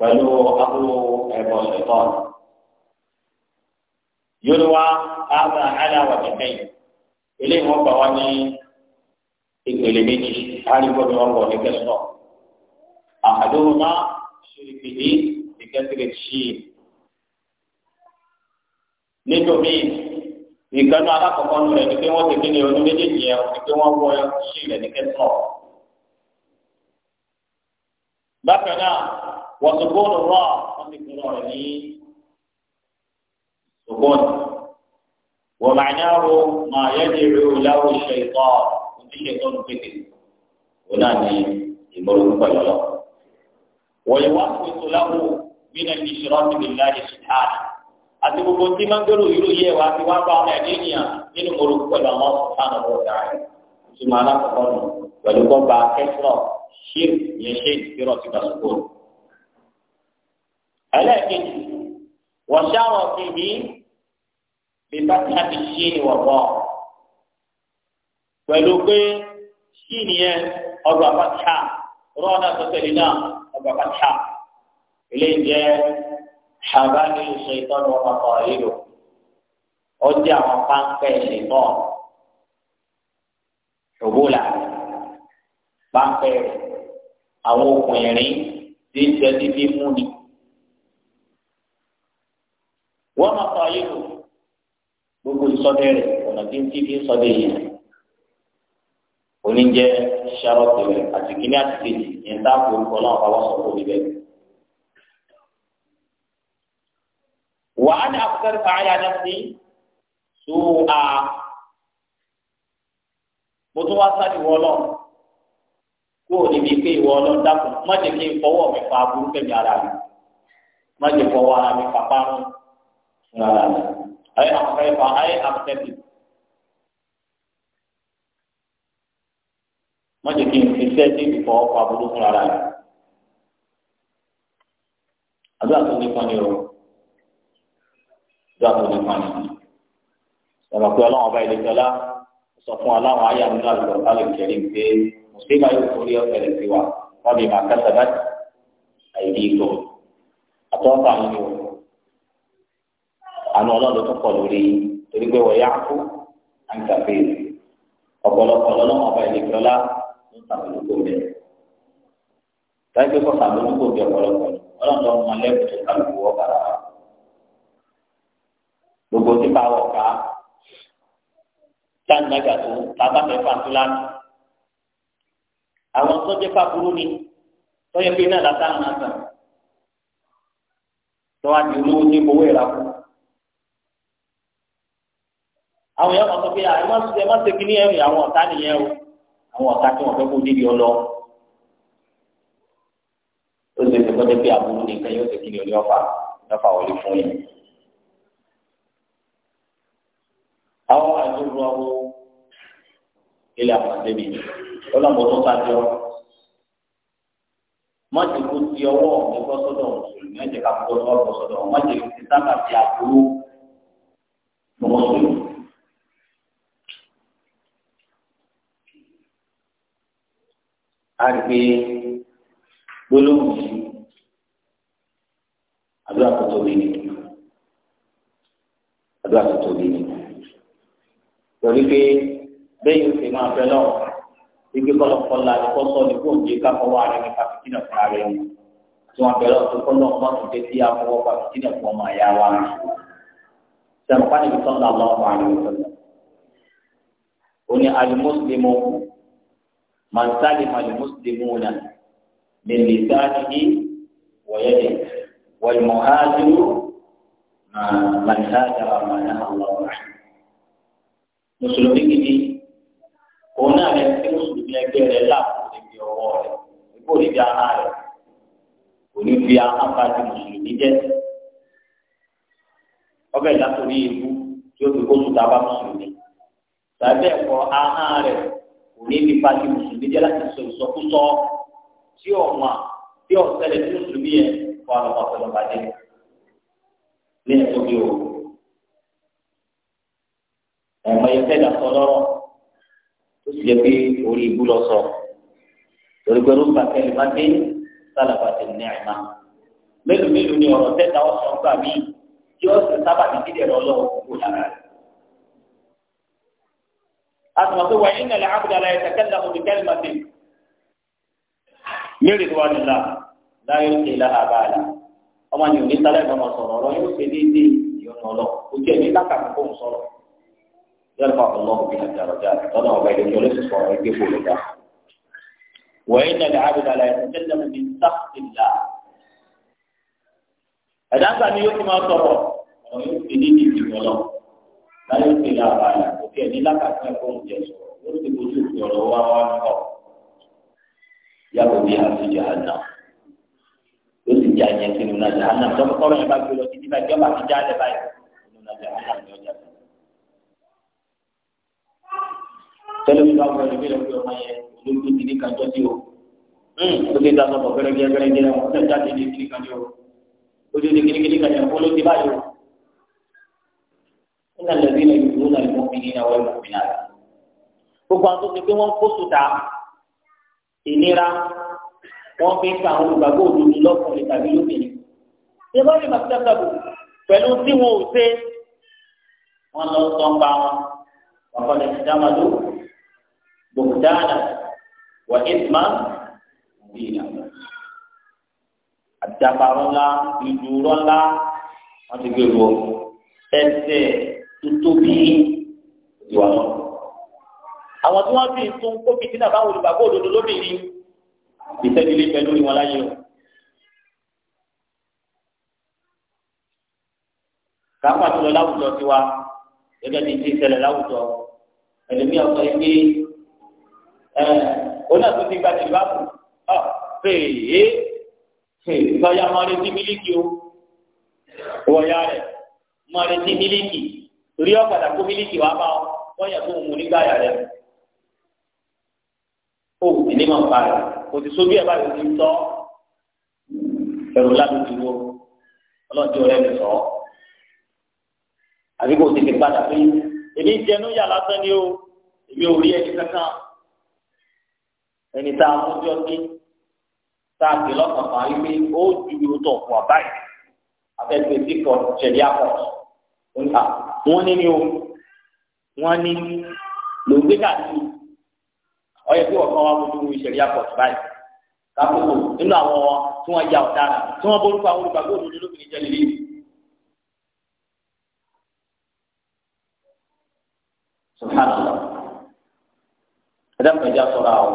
pẹ̀lú aburú ẹ̀bọ ṣẹ̀tọ́n. Yorùbá àgbà aláwọ̀ kẹ̀kẹ́ yìí, ilé ìwọ̀n gbà wá ní ìpele méjì, àríwọ̀ ni wọ́n wọ̀ ní kẹsàn-án. Àdóhùn náà ṣòro ìpèdé ìkẹsìrè ṣí i. Nítorí ìkànnì alákọ̀ọ́kọ́ nù rẹ̀ ni pé wọ́n ti kí ni ọdún méjèèjì yẹn, ni pé wọ́n wọ ṣí rẹ̀ ní kẹsàn Bákan náà, wọ́n sọ̀kóònù rọ̀ wọ́n ti pinnu rẹ̀ ní sọ̀kóònù. wọ́n máa ní àrò máa yẹ ní ìrú láwù ṣe ìtọ́ òbí ṣe tó ń pété wọ́n náà ní ìmọ̀lódún pẹ̀lú lọ. wọ́n yẹ wá fún ètò láwù bí náà ní ìṣòro ti bìlá ní sùtáàlì. àti gbogbo tí máa ń gbèrò irú yẹ wá ti wá bá ọmọ ẹ̀dẹ́ ènìyàn nínú mọ̀lódún pẹ̀lú àwọn sùtáàlì ẹlẹ́ẹ̀kejì wọ́n ṣáwọ̀ fi bí bíbá tí a ti ṣí ni wọ́n bọ̀ pẹ̀lú pé ṣí nìyẹn ọgbà pàtàkì rọ́ọ̀nà tó tẹ̀lé náà ọgbà pàtàkì ilé jẹ́ ṣàbáyé ṣètọ́nù ọkọ̀ ìlú ọjà àwọn páńpẹ́ ṣètọ́ ṣògbóla páńpẹ́ àwọn okùn tí ń ṣe títí mú ni. ọ̀rẹ́ rẹ̀ ọ̀nà tí ń tí fi ń sọ dé yìí oníjẹ ṣàròkè rẹ̀ àti kíní àti kejì ní ta kó orúkọ náà bá wọ́n sọ fún mi bẹ́ẹ̀. wàá ní akutẹ́rì fàáyà náà sí sùúrù a mo tún wá sáré wọ́ lọ́wọ́ kó o níbi pé ìwọ ọlọ́run dákun má jẹ́ kí n fọwọ́ mi fa burúkú ẹ̀mí ara mi má jẹ́ fọwọ́ ara mi fa párọ̀ fún ara mi. أي أخفيت أي أختفي má jẹ́ kí n fi iṣẹ́ tí ìfọ̀ ọkọ̀ aburú fún ara rẹ̀. àdúrà tó nípa ni o àdúrà tó nípa ni ìyàrá pé ọlọ́run ọba ìlẹ́jọ́lá sọ fún aláwọ̀ ayé àmì náà lọ sálẹ̀ kẹrì pé mùsùlùmí ayé òkúrí ọ̀fẹ́ rẹ̀ sí wa wọ́n bí màá kásá bá àìrí ìtò àtọ́fà ni o àánú ọlọ́run tó kọ̀ lórí torí pé wọ́n yá kú àǹtàfẹ́ ọ̀pọ̀lọpọ̀ lọ́lọ́mọ ọba ìlẹ̀kọ́lá ń sàmójúkò bẹ̀. dájú kọ́ sàmójúkò bẹ̀ ọ̀pọ̀lọpọ̀ ọlọ́run tó mọ lẹ́kùn tó kálukú wọ́ bàrà wa. gbogbo tí bá wọ̀ ká táǹdà gàtó tábàtẹ̀ fàtúláàtì. àwọn tó jẹ́ fàbúrú ni tó pé náà látà náà tàn. tó wá di olówó tí gbowó ìrà àwọn èèyàn kan sọ pé ah, ẹ má ṣe ẹ má ṣe kíní ẹrù àwọn ọ̀tá nìyẹn o àwọn ọ̀tá tí wọ́n fẹ́ kó débi ọ lọ. ó ṣe ṣe kọ́tẹ́ pé àbúrò nìkan yóò ṣe kíní ọ ní ọ̀fà ọ̀fà wọlé fún yẹn. àwọn àjọyọ̀ ọ̀hún ilé àpàtẹ mi ọlọ́mọ tó sájọ má ti kó ti ọwọ́ mi bọ́ sọ́dọ̀ mùsùlùmí sọ́dọ̀ mùsùlùmí má ti ti sábà ti àbúrò mùsùlùmí. á rí pé gbólóhùn yìí àdúrà tó tóbi ni àdúrà tó tóbi ni torí pé bẹ́ẹ̀ yóò ṣe máa fẹ́ lọ́wọ́ ibi kọlọkọlọ àdìkọ́ sọ ní kò jẹ́ ká fọwọ́ ara ní pàtìkìnà fún ara ẹni tí wọ́n bẹ̀rẹ̀ ọ̀tún kọ́ lọ́wọ́ wọn tún tẹ́tí àfọwọ́ pàtìkìnà fún ọmọ àyà wa sẹ̀mùpá níbi sọ́ńdà lọ́wọ́ àrùn ìṣẹ̀lẹ̀ ó ní alimuslimu man salima al-muslimuna min lisanihi wa yadihi wal muhajiru man hajara ma nahaa Allah anhu mùsùlùmí gidi òun náà lè fi mùsùlùmí ẹgbẹ́ rẹ̀ láàbò níbi ọwọ́ rẹ̀ níbo níbi ara rẹ̀ kò ní fi ahọ́nba ti mùsùlùmí jẹ́ ọbẹ̀ látòrí ìlú tí ó fi kó sùn dábàá mùsùlùmí tàbí ẹ̀kọ́ ahọ́n rẹ̀ kò ní fi pàtí mùsùlùmí jẹ́ láti sọ ìsọkúsọ tí ọ̀ma tí ọ̀sẹ̀lẹ̀ tí mùsùlùmí yẹn wà lọ́wọ́ pẹ̀lú ọ̀bàdé ní ẹ̀tọ́ bí o. ẹ̀mọ́ yẹn fẹ́ dàsọ lọ́rọ̀ tó sì jẹ́ pé orí ibú lọ sọ torí pé rúbà kẹlẹ̀ má dé sálàbà tẹ̀ ní àìmá mélòó mélòó ni ọ̀rọ̀ tẹ́ta ọ̀sán gbà mí tí ọ̀sẹ̀ sábà ní kíndìnrín ọlọ́wọ́ kúkú lára rẹ̀. أسمته وإن العبد لا يتكلم بكلمة من الله لا يلقي لها بالا أما يوم يطلب ما صلى الله يوم سديدي يوم الله وجميع لك أنكم أن يلس صلى يجيبه لك وإن العبد لا يتكلم الله هذا كان يوم ما صلى الله òkè ní lákàtà ẹ̀kọ́ oúnjẹ sọ̀rọ̀ lórí ti bójú òfin ọ̀rọ̀ wá wá nìkọ yàgò bí àti jahanna ó sì jẹ àyẹ sínú náà jahanna tọkọtọrọ yẹn bá gbé lọ títí báyìí jọba àti jáde báyìí sínú náà jahanna ni ọjà tó. tẹ́lẹ̀ mi bá wọ ẹni bílẹ̀ pé ọmọ yẹn olóńgbò ti ní kájọ́ sí o ó ti ta sọ̀tọ̀ gẹ́gẹ́ gẹ́gẹ́ wọn ó jáde ní kíní kájọ́ ó ti di kíní kíní kájọ́ ó báyìí mu'minina wal mu'minat gbogbo àwọn tó ti pé wọ́n kó sùtà ìnira wọ́n fi ń ka àwọn olùgbàgbọ́ òdodo lọ́kùnrin tàbí lóbìnrin ṣé bá rí màtíkàtàbù pẹ̀lú tí wọn ò ṣe wọn lọ sọ ń pa wọn wọn kọ́ lẹ́sìn dámadó bòkúdáàdà wà ìsìmá bìnnà àjàbàrọ̀ ńlá ìdúró ńlá wọn ti gbé e wọ ẹsẹ̀ tó tóbi ìwà wọn. àwọn tí wọ́n bí tún kó fìtínà báwo ni bàbá òdodo lóbìnrin ìtẹ́lélé pẹ̀lú lórí wọn láyé o. kápá tó lọ láwùjọ tiwa gẹ́gẹ́ bí ti ìṣẹ̀lẹ̀ láwùjọ ẹlòmíà sọ yìí pé ẹ onáàtú ti gba tìlú àpò ọ fèèyé ìfọyà máa retí mílíkì o wọ̀ya rẹ̀ máa retí mílíkì torí ọ̀padà kó mílíkì wàá bá ọ wọ́n yẹ kó mu nígbà yà rẹ̀ o ti ní máa ń parẹ́ o ti so bí ẹ̀ báyìí o ti tọ́ ẹ̀rù ládùúgbò wo ọlọ́jọ́ rẹ̀ mi sọ ọ́ àbí kò tètè padà pé èmi jẹnu yà lásán ni o èmi ò rí ẹni kankan ẹni tá a mójọ́ sí tá a gbé lọ́kàn wípé ó ju ìrútọ̀ fún wa afẹ́fẹ́ sí kọ́ ṣẹ̀dí àpọ̀ wọ́n ní ni o wọ́n ní lògbé káàkiri ọyẹ kí wọ́n kọ́ wa bójú ìṣẹ̀lẹ̀ àpọ̀tù báyìí kákòkò nínú àwọn tí wọ́n ya ọ̀daràn tí wọ́n borúkọ àwọn olùgbàgbọ́ òdodo lóbìnrin jẹ́ lélẹ́yìí. subhanallah ẹdáàpọ̀ ẹja sọ̀rọ̀ àwọ̀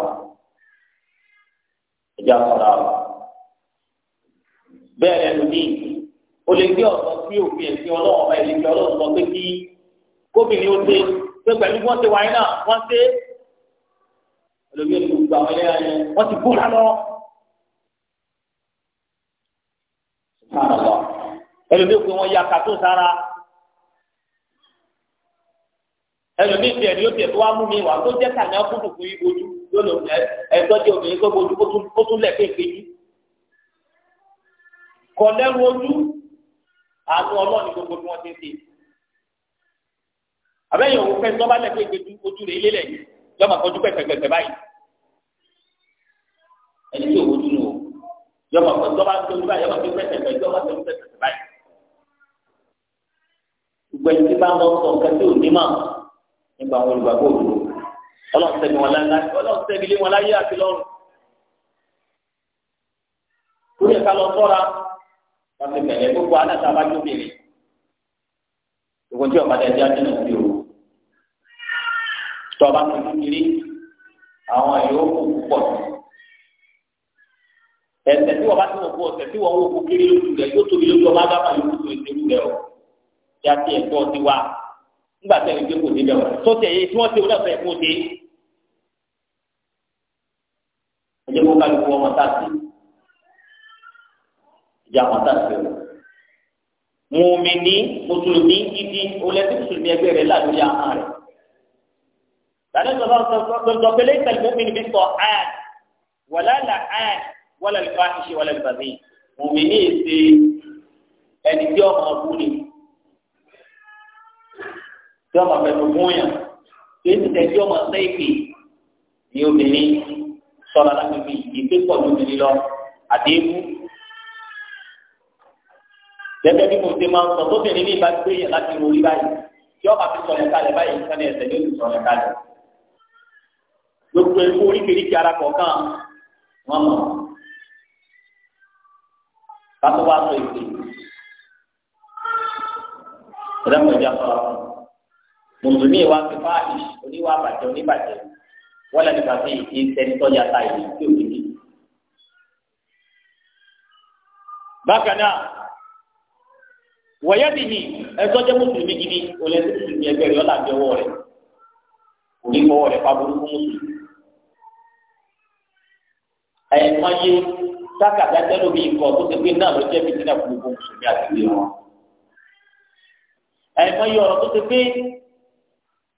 ẹja sọ̀rọ̀ àwọ̀ bẹ́ẹ̀ lẹ́nu ní o lè gbé sí òfin ẹ̀sìn ọlọ́wọ́ ọba ìlẹ́gbẹ́ sọ pé kí gómìnà ó ṣe pé pẹ̀lú bí wọ́n ṣe wáyé náà wọ́n ṣe olóbi ẹni gbogbo àwọn ẹlẹ́yà yẹn wọ́n ti gbóra lọ. ẹlòmíì pé wọ́n ya kàtó sára ẹlòmíì tiẹ̀ ni ó tiẹ̀ tó wá mú mi wá tó jẹ́ tàyà kúndùn fún ibojú lónìí ẹ̀ẹ́dọ́jẹ́ obìnrin tó bojú kó tún lẹ̀ kéèkéjì kọ̀ọ̀lẹ́rù ojú àánú ọlọ́ọ̀ni gbogbo tí wọ́n ti ń ṣe àbẹ́yìn òun fẹ́ tọ́ bá lẹ̀ pé ojú rẹ̀ ilé lẹ̀ yọmọ kọjú pẹ̀pẹ̀pẹ̀ báyìí ẹni tí òun dúró yọmọ kọjú bá tóbi báyìí yọmọ kọjú pẹ̀pẹ̀pẹ̀ yọmọ kọjú pẹ̀pẹ̀pẹ̀ báyìí. gbogbo ẹni tí bá ń lọ sọ nǹkan tí ò ní mọ̀ nípa àwọn olùgbàgbọ́ òdòdó ọlọ́run tẹ̀mí wọn láyé ọlọ́run tẹ̀mí lé wọn láyé àti lọ́run. kúrò ẹ̀ka lọ sọ́ra láti bẹ̀rẹ̀ gbogbo aláta bá jókèrè gbogbo tí ọ̀padà ẹ̀jẹ̀ á tọba tó kiri àwọn yòókù púpọ̀ ẹsẹ̀ tí wọ́n bá ti wọ̀ fún ọ̀sẹ̀ tí wọ́n wò kó kiri lójú rẹ̀ yóò tóbi lójú ọba bá máa yòókù tó ètò rẹ̀ o yá sí ẹ̀tọ́ ti wá nígbà tí ẹ̀rìn kò débẹ̀ wọ̀ tó tẹ̀ yé tí wọ́n ti wọ́n lọ́sẹ̀ kó dé ẹ̀jẹ̀ kó kálukú ọmọ táàsì ìjà ọmọ táàsì o mùmìnì mùsùlùmí gidi olẹ́sìn mùsùlùmí ẹgbẹ́ rẹ̀ láàrin àwọn rẹ̀ lànà ìjọba sọ pé lẹ́yìn tẹ̀lé mọ́mí níbi sọ àd wàlá là àd wàlá lè fa ìṣe wàlá lè fà mí mọ́mí ní èsè ẹni tí ọmọ ọkú ni tí ọmọ pẹ̀lú múyàn tí èsì tẹ̀ tí ọmọ sẹ́ẹ̀kì ní obìnrin sọ̀rọ̀ lágbègbè ìgbé pọ̀ lóbìnrin lọ àdéhùn gẹ́gẹ́ bí mo ti máa ń sọ tóbìnrin ní ìbá gbé yẹn láti ro orí báyìí tí ọba fi sọ̀rọ̀ kalẹ̀ báyìí nǹkan ní ẹsẹ̀ yóò ti sọ̀rọ̀ kalẹ̀ gbogbo ikú oríkèéríkèé ara kọ̀ọ̀kan wọn mọ̀ kátó wá sọ èké ìdáhùn ìjà sọ̀rọ̀ mùsùlùmí wa ti fa àìsí oníwà bàjẹ́ oníbàjẹ́ wọ́n lẹ́nu bàbá yìí ń tẹ́ni tọ́jà ta ìlú tí ò ní kí. bákan náà wọ̀yẹ́ bìíní ẹjọ́ jẹ́ mùsùlùmí gidi olè tó mùsùlùmí ẹgbẹ́ rẹ̀ ọ̀làjọ́wọ́ rẹ̀ onígbọ́wọ́ rẹ̀ fábọ́lùkù mùsùlùmí àìmọye sákàtà tẹ́lẹ̀ bí ikọ̀ tó ti gbé náà ló jẹ́ fìtínà fún gbogbo mùsùlùmí àtìlé wọn. àìmọye ọ̀rọ̀ tó ti gbé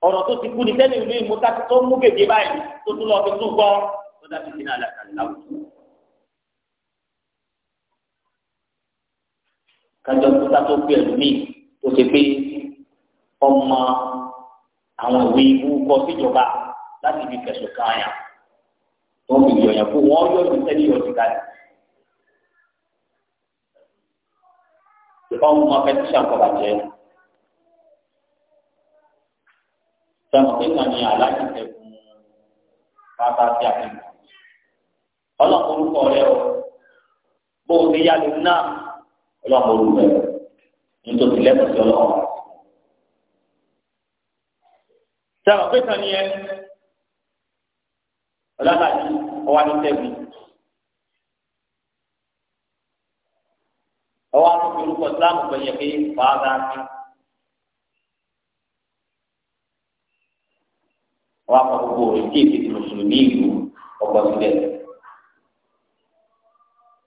ọ̀rọ̀ tó ti kú ní tẹ́lẹ̀ ìlú ìmú tó mú gègé báyìí tó tún lọ́ọ́ fi tún gbọ́ tó dá fìtínà àlàkàlẹ̀ láwùjọ. kájọ tó dá tó gbé ẹlòmíì tó ti gbé àwọn ìwé ìwúkọ síjọba láti fi kẹsùn kan yàn wọn fi yọ̀yàn fún wọn yọ ju sẹ́ni yọ ti dáa. ìfọwọ́n máa fẹ́ tíṣà kọ̀ọ̀bà jẹ́ sọ̀rọ̀ pé kàn ní aláìsí ẹ̀kún bàbá sí àfihàn. ọlọ́pàá orúkọ rẹ o bó o ti yára náà ọlọ́pàá orúkọ rẹ nítorí lẹ́kọ̀ọ́ sí ọlọ́pàá. sọ̀rọ̀ pé kàn ẹ ọlọ́kàdì ọwọ́ àtúntẹ̀bí ọwọ́ àtúntẹ̀ orúkọ islam gbẹ̀yẹ̀ pé fàáza ní ọwọ́ àpapọ̀ gbogbo òrìṣì èdè mùsùlùmí ìlú ọgbọ̀n sílẹ̀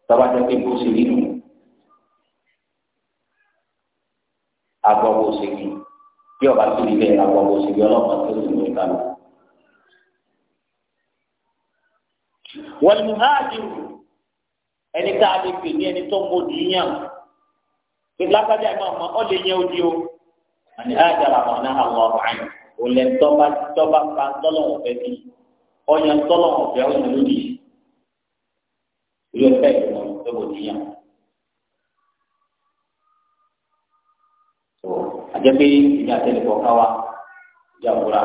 tọ́ba jẹ́ pé bó ṣe rí nù agbọ̀n bó ṣe rí bí ọba tó rí bẹ́ẹ̀ agbọ̀n bó ṣe rí ọlọ́pàá tó rí nù ìkàlù. wal muhajir ẹni tá a lè pè ní ẹni tó ń mọdì yàn lágbájá ẹ máa mọ ọ lè yẹ odi o àní àjàrà àwọn náà àwọn ọ̀rọ̀ àyìn ò lẹ tọba tọba pa tọlọwọ fẹ bi ọyàn tọlọwọ fẹ ọyàn lódì ìlú ẹfẹ ìlú tó mọdì yàn. àjẹpé ìdí àtẹnukọ káwa ìjà wúra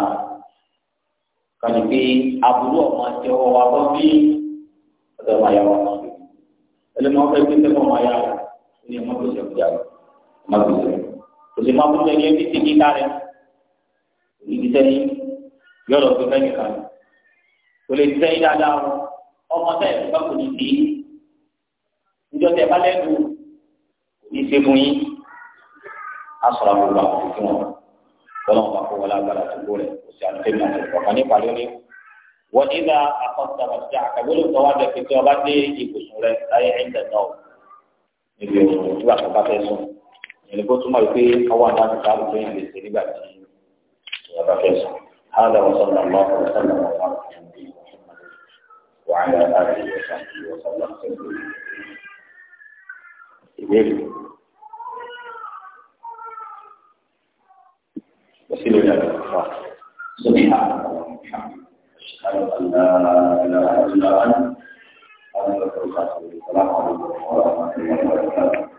kàní pé aburú ọmọ àti ọwọ́ wa bọ́ bíi ọ̀dọ̀ ọmọ ayáwó ọmọ ọdún ẹlẹ́mọ̀ ọ̀fẹ́ gbé sẹ́kọ̀ ọmọ ayáwó ní ọmọ tó sẹ́kọ̀ yàrá ọmọ tó sẹ́kọ̀ òsì máa fún ẹni ẹbí ti kíkà rẹ ìdí sẹ́yìn yọ̀rọ̀ tó fẹ́ nìkan kò lè sẹ́yìn dáadáa ọmọ tẹ̀ bá kò ní bí níjọ́ tẹ̀ bá lẹ́nu kò ní ṣe fún yín asọ̀rọ̀ àbúrò àkókò fún ọ wọ́n nígbà àkọsíta màtíjà àkàgbélé nǹkan wá bẹ̀ pé ọba dé ibùsùn rẹ̀ láyé ẹ̀ńdẹ̀ náà níbi òun nígbà tó bá fẹ́ sùn ẹni kó túmọ̀ pé ọwọ́ àwọn àti káàbù tó yàn lè ṣe nígbà tí ọba fẹ́ sùn. هذا وصلى الله وسلم وبارك على نبينا محمد وعلى اله وصحبه وسلم تسليما ìbéèrè ó sì lè dàgbà fún wa sórí Assalamualaikum warahmatullahi wabarakatuh.